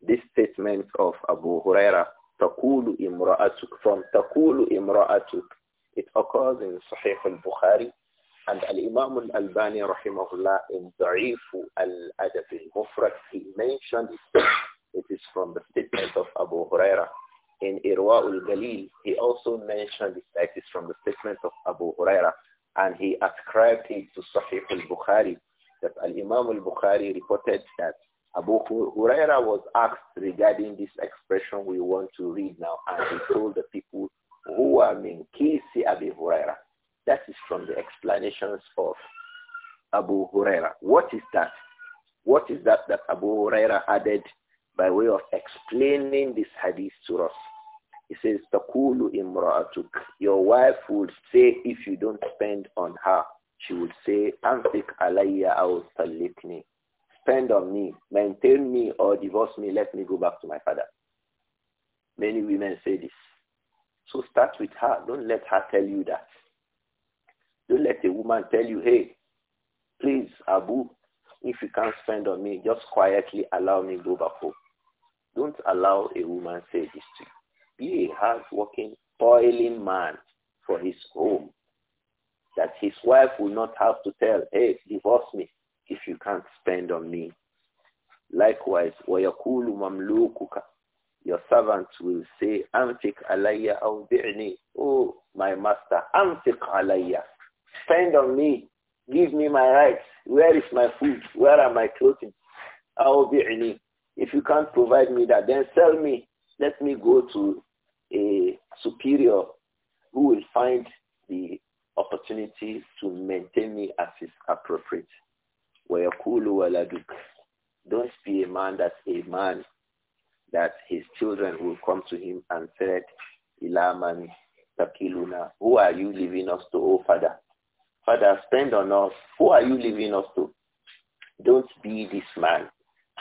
This statement of Abu Huraira, takulu atuka, from takulu atuka. It occurs in Sahih al-Bukhari and Al-Imam al-Albani rahimahullah in Da'ifu al-Adab al-Mufrad, he mentioned it. it is from the statement of Abu Huraira. In Irwa al-Galil, he also mentioned it that it's from the statement of Abu Huraira. And he ascribed it to Sahih al-Bukhari that Al-Imam al-Bukhari reported that Abu Huraira was asked regarding this expression we want to read now. And he told the people Huwa min kisi Abi Huraira. That is from the explanations of Abu Huraira. What is that? What is that that Abu Huraira added by way of explaining this hadith to us? He says, Takulu imra'atuk. Your wife would say, if you don't spend on her, she would say, Anfik alayya aw talikni. Spend on me, maintain me or divorce me, let me go back to my father. Many women say this. So start with her. Don't let her tell you that. Don't let a woman tell you, hey, please, Abu, if you can't spend on me, just quietly allow me go back home. Don't allow a woman say this to you. Be a hard-working, toiling man for his home. That his wife will not have to tell, hey, divorce me if you can't spend on me. Likewise, وَيَقُولُ مَمْلُوكُكَ your servants will say, Amtik alayya aw bi'ni. Oh, my master, Amtik alayya. Spend on me. Give me my rights. Where is my food? Where are my clothing? Aw bi'ni. If you can't provide me that, then sell me. Let me go to a superior who will find the opportunity to maintain me as is appropriate. Don't be a man that's a man that his children will come to him and said, Ilaman Takiluna, who are you leaving us to, O oh Father? Father, spend on us. Who are you leaving us to? Don't be this man.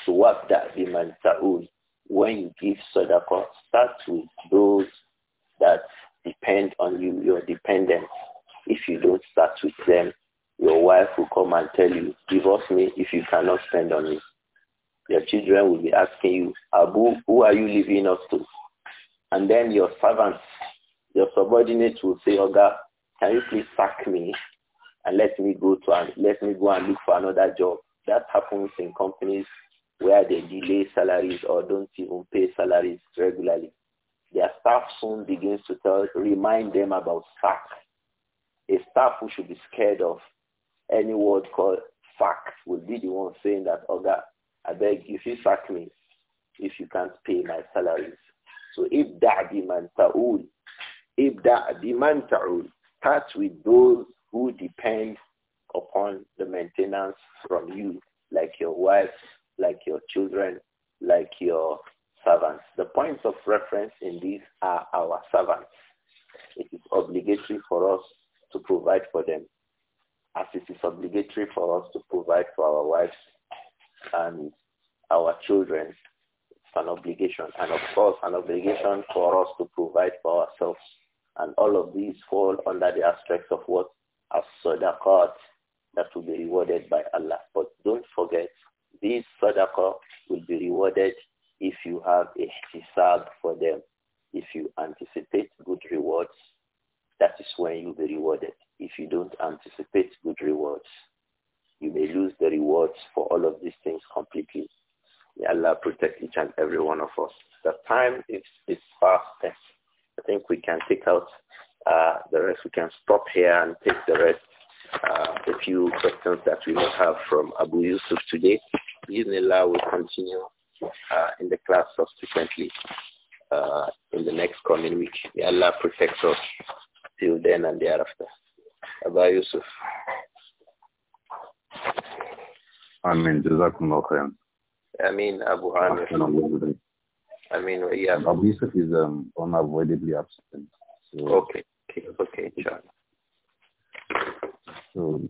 So what that man Saul, when you give sadaqa, start with those that depend on you, your dependents. If you don't start with them, your wife will come and tell you, divorce me if you cannot spend on me. Your children will be asking you, Abu, who are you leaving us to? And then your servants, your subordinates will say, Oga, can you please sack me and let me go to and let me go and look for another job? That happens in companies where they delay salaries or don't even pay salaries regularly. Their staff soon begins to tell, remind them about sack. A staff who should be scared of any word called fact will be the one saying that, Oh God. I beg you, if you sack me, if you can't pay my salaries. So if biman ta'ul. Ibda ta'ul. Start with those who depend upon the maintenance from you, like your wife, like your children, like your servants. The points of reference in these are our servants. It is obligatory for us to provide for them, as it is obligatory for us to provide for our wives and our children. It's an obligation. And of course, an obligation for us to provide for ourselves. And all of these fall under the aspects of what? As sadaqat that will be rewarded by Allah. But don't forget, these sadaqah will be rewarded if you have a hisab for them. If you anticipate good rewards, that is when you'll be rewarded. If you don't anticipate good rewards, you may lose the rewards for all of these things completely. May Allah protect each and every one of us. The time is, is fast I think we can take out uh, the rest. We can stop here and take the rest. Uh, few questions that we will have from Abu Yusuf today. Bismillah will continue uh, in the class subsequently uh, in the next coming week. May Allah protect us till then and thereafter. Abu Yusuf. آمين جزاكم الله خيرا آمين أبو عامر آمين Abu Yusuf is um, unavoidably absent so okay okay okay inshallah so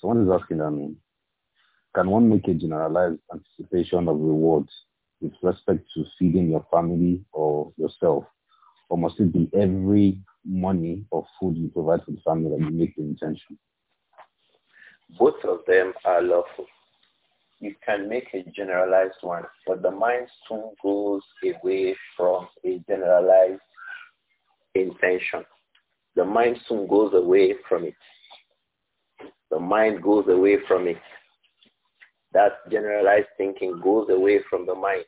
someone is asking um, can one make a generalized anticipation of rewards with respect to feeding your family or yourself or must it be every money or food you provide for the family that you make the intention both of them are lawful you can make a generalized one, but the mind soon goes away from a generalized intention. The mind soon goes away from it. The mind goes away from it. That generalized thinking goes away from the mind.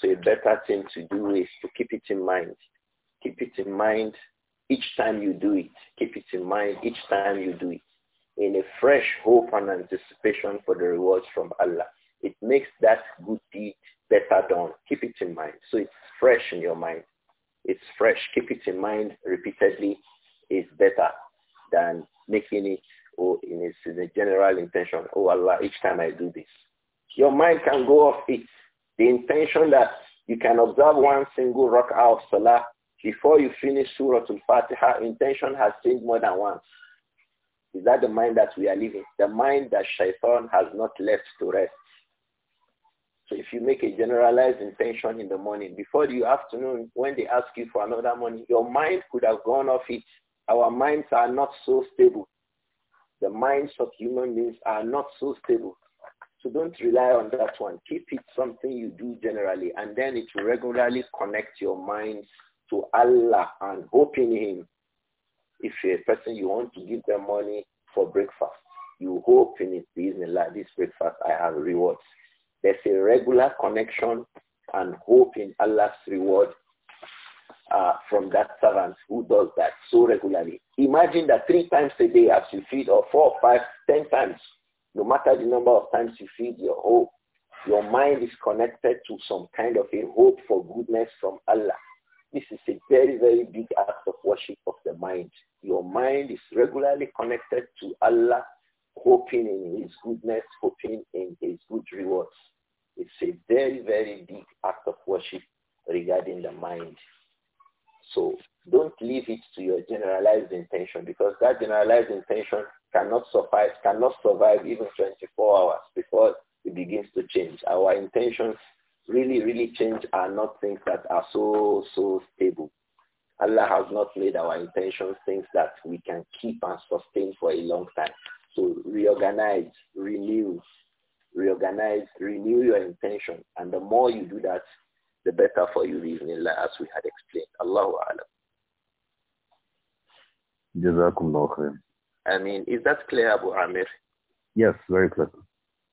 So a better thing to do is to keep it in mind. Keep it in mind each time you do it. Keep it in mind each time you do it in a fresh hope and anticipation for the rewards from Allah. It makes that good deed better done. Keep it in mind. So it's fresh in your mind. It's fresh. Keep it in mind repeatedly is better than making it or oh, in in, in a general intention. Oh Allah, each time I do this. Your mind can go off it. The intention that you can observe one single rak'ah of salah before you finish Surah Al-Fatiha, intention has changed more than once. Is that the mind that we are living? The mind that shaitan has not left to rest. So if you make a generalized intention in the morning, before the afternoon, when they ask you for another money, your mind could have gone off it. Our minds are not so stable. The minds of human beings are not so stable. So don't rely on that one. Keep it something you do generally, and then it will regularly connect your minds to Allah and hope in Him. If you're a person you want to give them money for breakfast, you hope in it, Bismillah, this breakfast I have rewards. There's a regular connection and hope in Allah's reward uh, from that servant who does that so regularly. Imagine that three times a day as you feed or four, five, ten times, no matter the number of times you feed your hope, your mind is connected to some kind of a hope for goodness from Allah this is a very, very big act of worship of the mind. Your mind is regularly connected to Allah, hoping in his goodness, hoping in his good rewards. It's a very, very big act of worship regarding the mind. So don't leave it to your generalized intention because that generalized intention cannot suffice, cannot survive even 24 hours before it begins to change. Our intentions really, really change are not things that are so, so stable. Allah has not made our intentions things that we can keep and sustain for a long time. So reorganize, renew, reorganize, renew your intention. And the more you do that, the better for you, even as we had explained. Allahu Alam. Jazakumullah khair. I mean, is that clear, Abu Amir? Yes, very clear.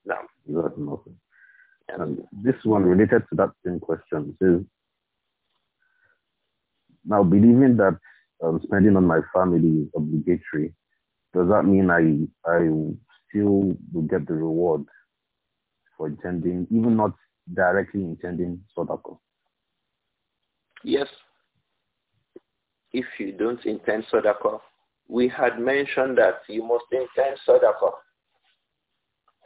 No. Jazakumullah khair. And this one related to that same question says, now believing that um, spending on my family is obligatory, does that mean I I still will get the reward for intending, even not directly intending sodako? Yes. If you don't intend sodako, we had mentioned that you must intend sodako.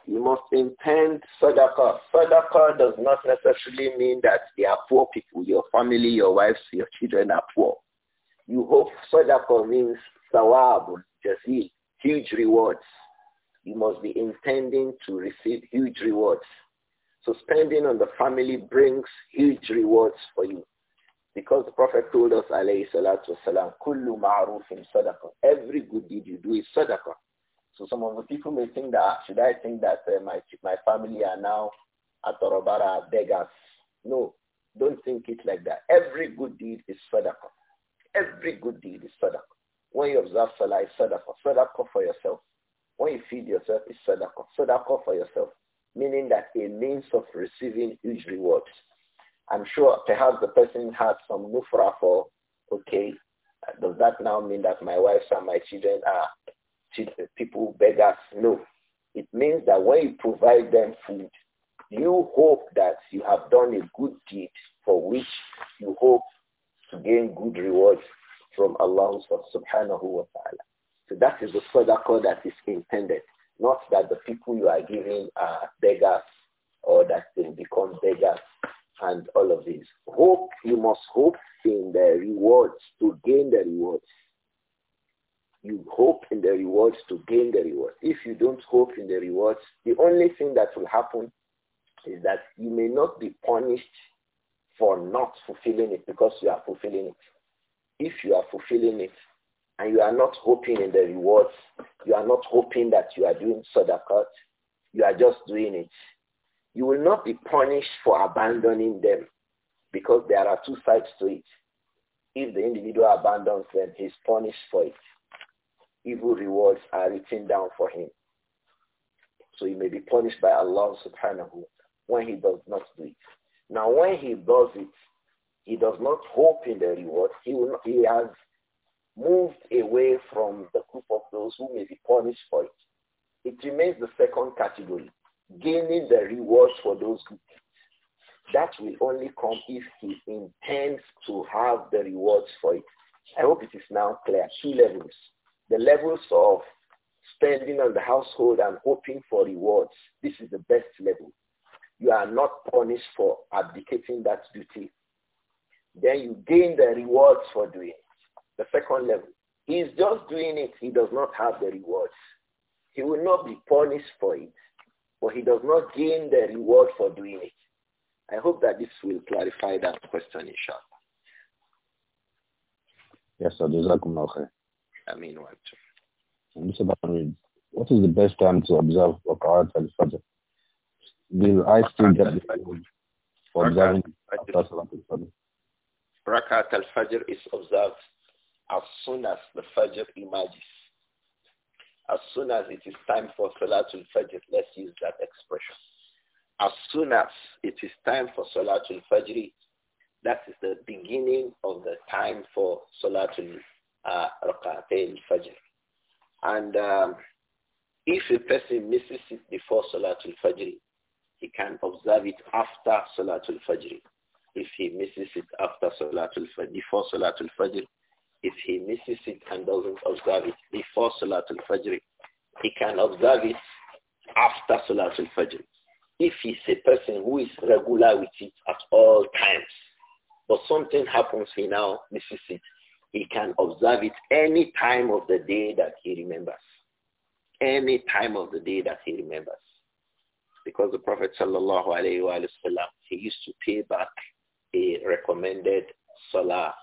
You must intend sadaqah. Sadaqah does not necessarily mean that they are poor people. Your family, your wives, your children are poor. You hope sadaqah means sawab, jazil, huge rewards. You must be intending to receive huge rewards. So spending on the family brings huge rewards for you. Because the Prophet told us, alayhi salatu wasalam, kullu ma'rufin sadaqah. Every good deed you do is sadaqah. So some of the people may think that, should I think that uh, my, my family are now at Torobara beggars? No, don't think it like that. Every good deed is sadaqah. Every good deed is sadaqah. When you observe salah, it's sadaqah. Sadaqah for yourself. When you feed yourself, it's sadaqah. Sadaqah for yourself, meaning that a means of receiving huge rewards. I'm sure perhaps the person had some nufra for, okay, does that now mean that my wife and my children are people, beggars. No. It means that when you provide them food, you hope that you have done a good deed for which you hope to gain good rewards from Allah subhanahu wa ta'ala. So that is the sadaqah that is intended, not that the people you are giving are beggars or that they become beggars and all of this. Hope, you must hope in the rewards to gain the rewards you hope in the rewards to gain the rewards. If you don't hope in the rewards, the only thing that will happen is that you may not be punished for not fulfilling it because you are fulfilling it. If you are fulfilling it and you are not hoping in the rewards, you are not hoping that you are doing sadaqat, you are just doing it. You will not be punished for abandoning them because there are two sides to it. If the individual abandons them, he is punished for it evil rewards are written down for him. So he may be punished by Allah subhanahu when he does not do it. Now when he does it, he does not hope in the reward. He, will not, he has moved away from the group of those who may be punished for it. It remains the second category, gaining the rewards for those deeds. that will only come if he intends to have the rewards for it. I hope it is now clear. Two levels the levels of spending on the household and hoping for rewards, this is the best level. You are not punished for abdicating that duty. Then you gain the rewards for doing it. The second level. He is just doing it. He does not have the rewards. He will not be punished for it, but he does not gain the reward for doing it. I hope that this will clarify that question, inshallah. Yes, sir mean what? What is the best time to observe Waqa'at al-Fajr? Will I still get the reward for observing fajr Rakat al-Fajr is observed as soon as the Fajr emerges. As soon as it is time for Salatul Fajr, let's use that expression. As soon as it is time for Salatul Fajr, that is the beginning of the time for Salatul uh, al-Fajr. And um, if a person misses it before Salatul Fajr, he can observe it after Salatul Fajr. If he misses it after Salatul Fajr, before Salatul Fajr, if he misses it and doesn't observe it before Salatul Fajr, he can observe it after Salatul Fajr. If he's a person who is regular with it at all times, but something happens, he now misses it he can observe it any time of the day that he remembers. Any time of the day that he remembers. Because the Prophet sallallahu alayhi wa sallam, he used to pay back a recommended salah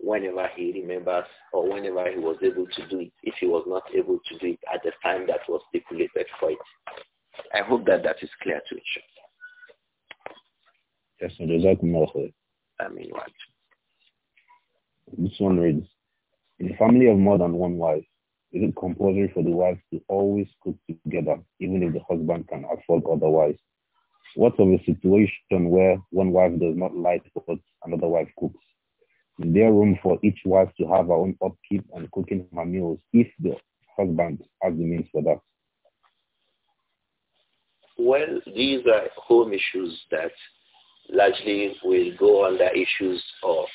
whenever he remembers or whenever he was able to do it, if he was not able to do it at the time that was stipulated for it. I hope that that is clear to each other. Yes, I mean, what? This one reads, in a family of more than one wife, is it compulsory for the wives to always cook together, even if the husband can afford otherwise? What of a situation where one wife does not like what another wife cooks? Is there room for each wife to have her own upkeep and cooking her meals if the husband has the means for that? Well, these are home issues that largely will go under issues of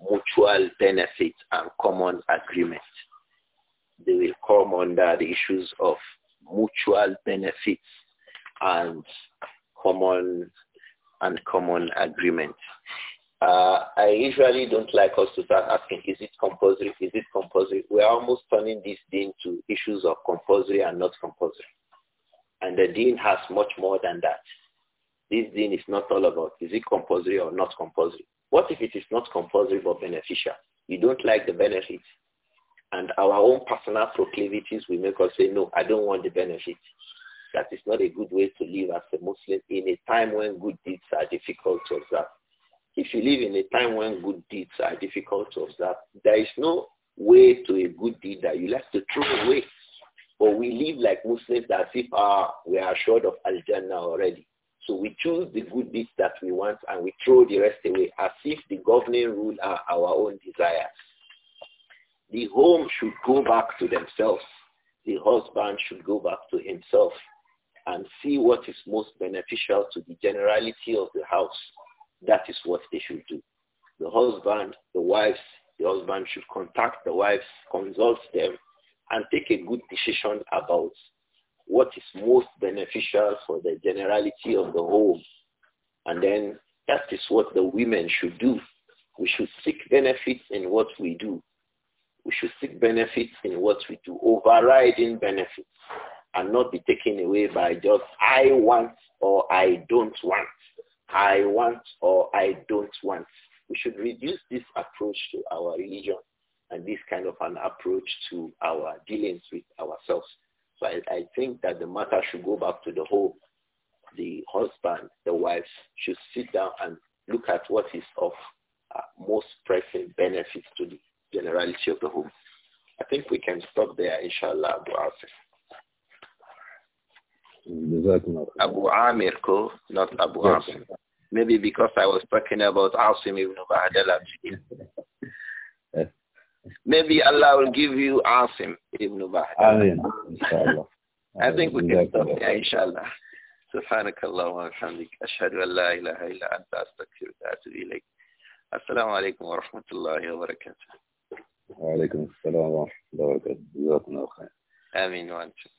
mutual benefits and common agreement. They will come under the issues of mutual benefits and common and common agreement. Uh, I usually don't like us to start asking, is it compulsory? Is it compulsory? We're almost turning this dean to issues of compulsory and not compulsory. And the dean has much more than that this deen is not all about is it compulsory or not compulsory. What if it is not compulsory but beneficial? You don't like the benefits. And our own personal proclivities will make us say, no, I don't want the benefits. That is not a good way to live as a Muslim in a time when good deeds are difficult to observe. If you live in a time when good deeds are difficult to observe, there is no way to a good deed that you like to throw away. But we live like Muslims as if ah, we are assured of Al-Jannah already. So we choose the good bits that we want and we throw the rest away as if the governing rule are our own desires. The home should go back to themselves. The husband should go back to himself and see what is most beneficial to the generality of the house. That is what they should do. The husband, the wives, the husband should contact the wives, consult them, and take a good decision about what is most beneficial for the generality of the home. And then that is what the women should do. We should seek benefits in what we do. We should seek benefits in what we do, overriding benefits, and not be taken away by just I want or I don't want. I want or I don't want. We should reduce this approach to our religion and this kind of an approach to our dealings with ourselves. So I, I think that the matter should go back to the home. The husband, the wife should sit down and look at what is of uh, most pressing benefit to the generality of the home. I think we can stop there, inshallah, Abu Asim. Abu Amir, Ko, not Abu yes. Asim. Maybe because I was talking about Asim ibn Bahadala. Maybe Allah will give you Asim ibn Bahd. I think we can stop there, inshallah. سبحانك اللهم وبحمدك أشهد أن لا إله إلا أنت أستغفرك وأتوب إليك السلام عليكم ورحمة الله وبركاته وعليكم السلام ورحمة الله وبركاته جزاكم الله خير آمين وأنتم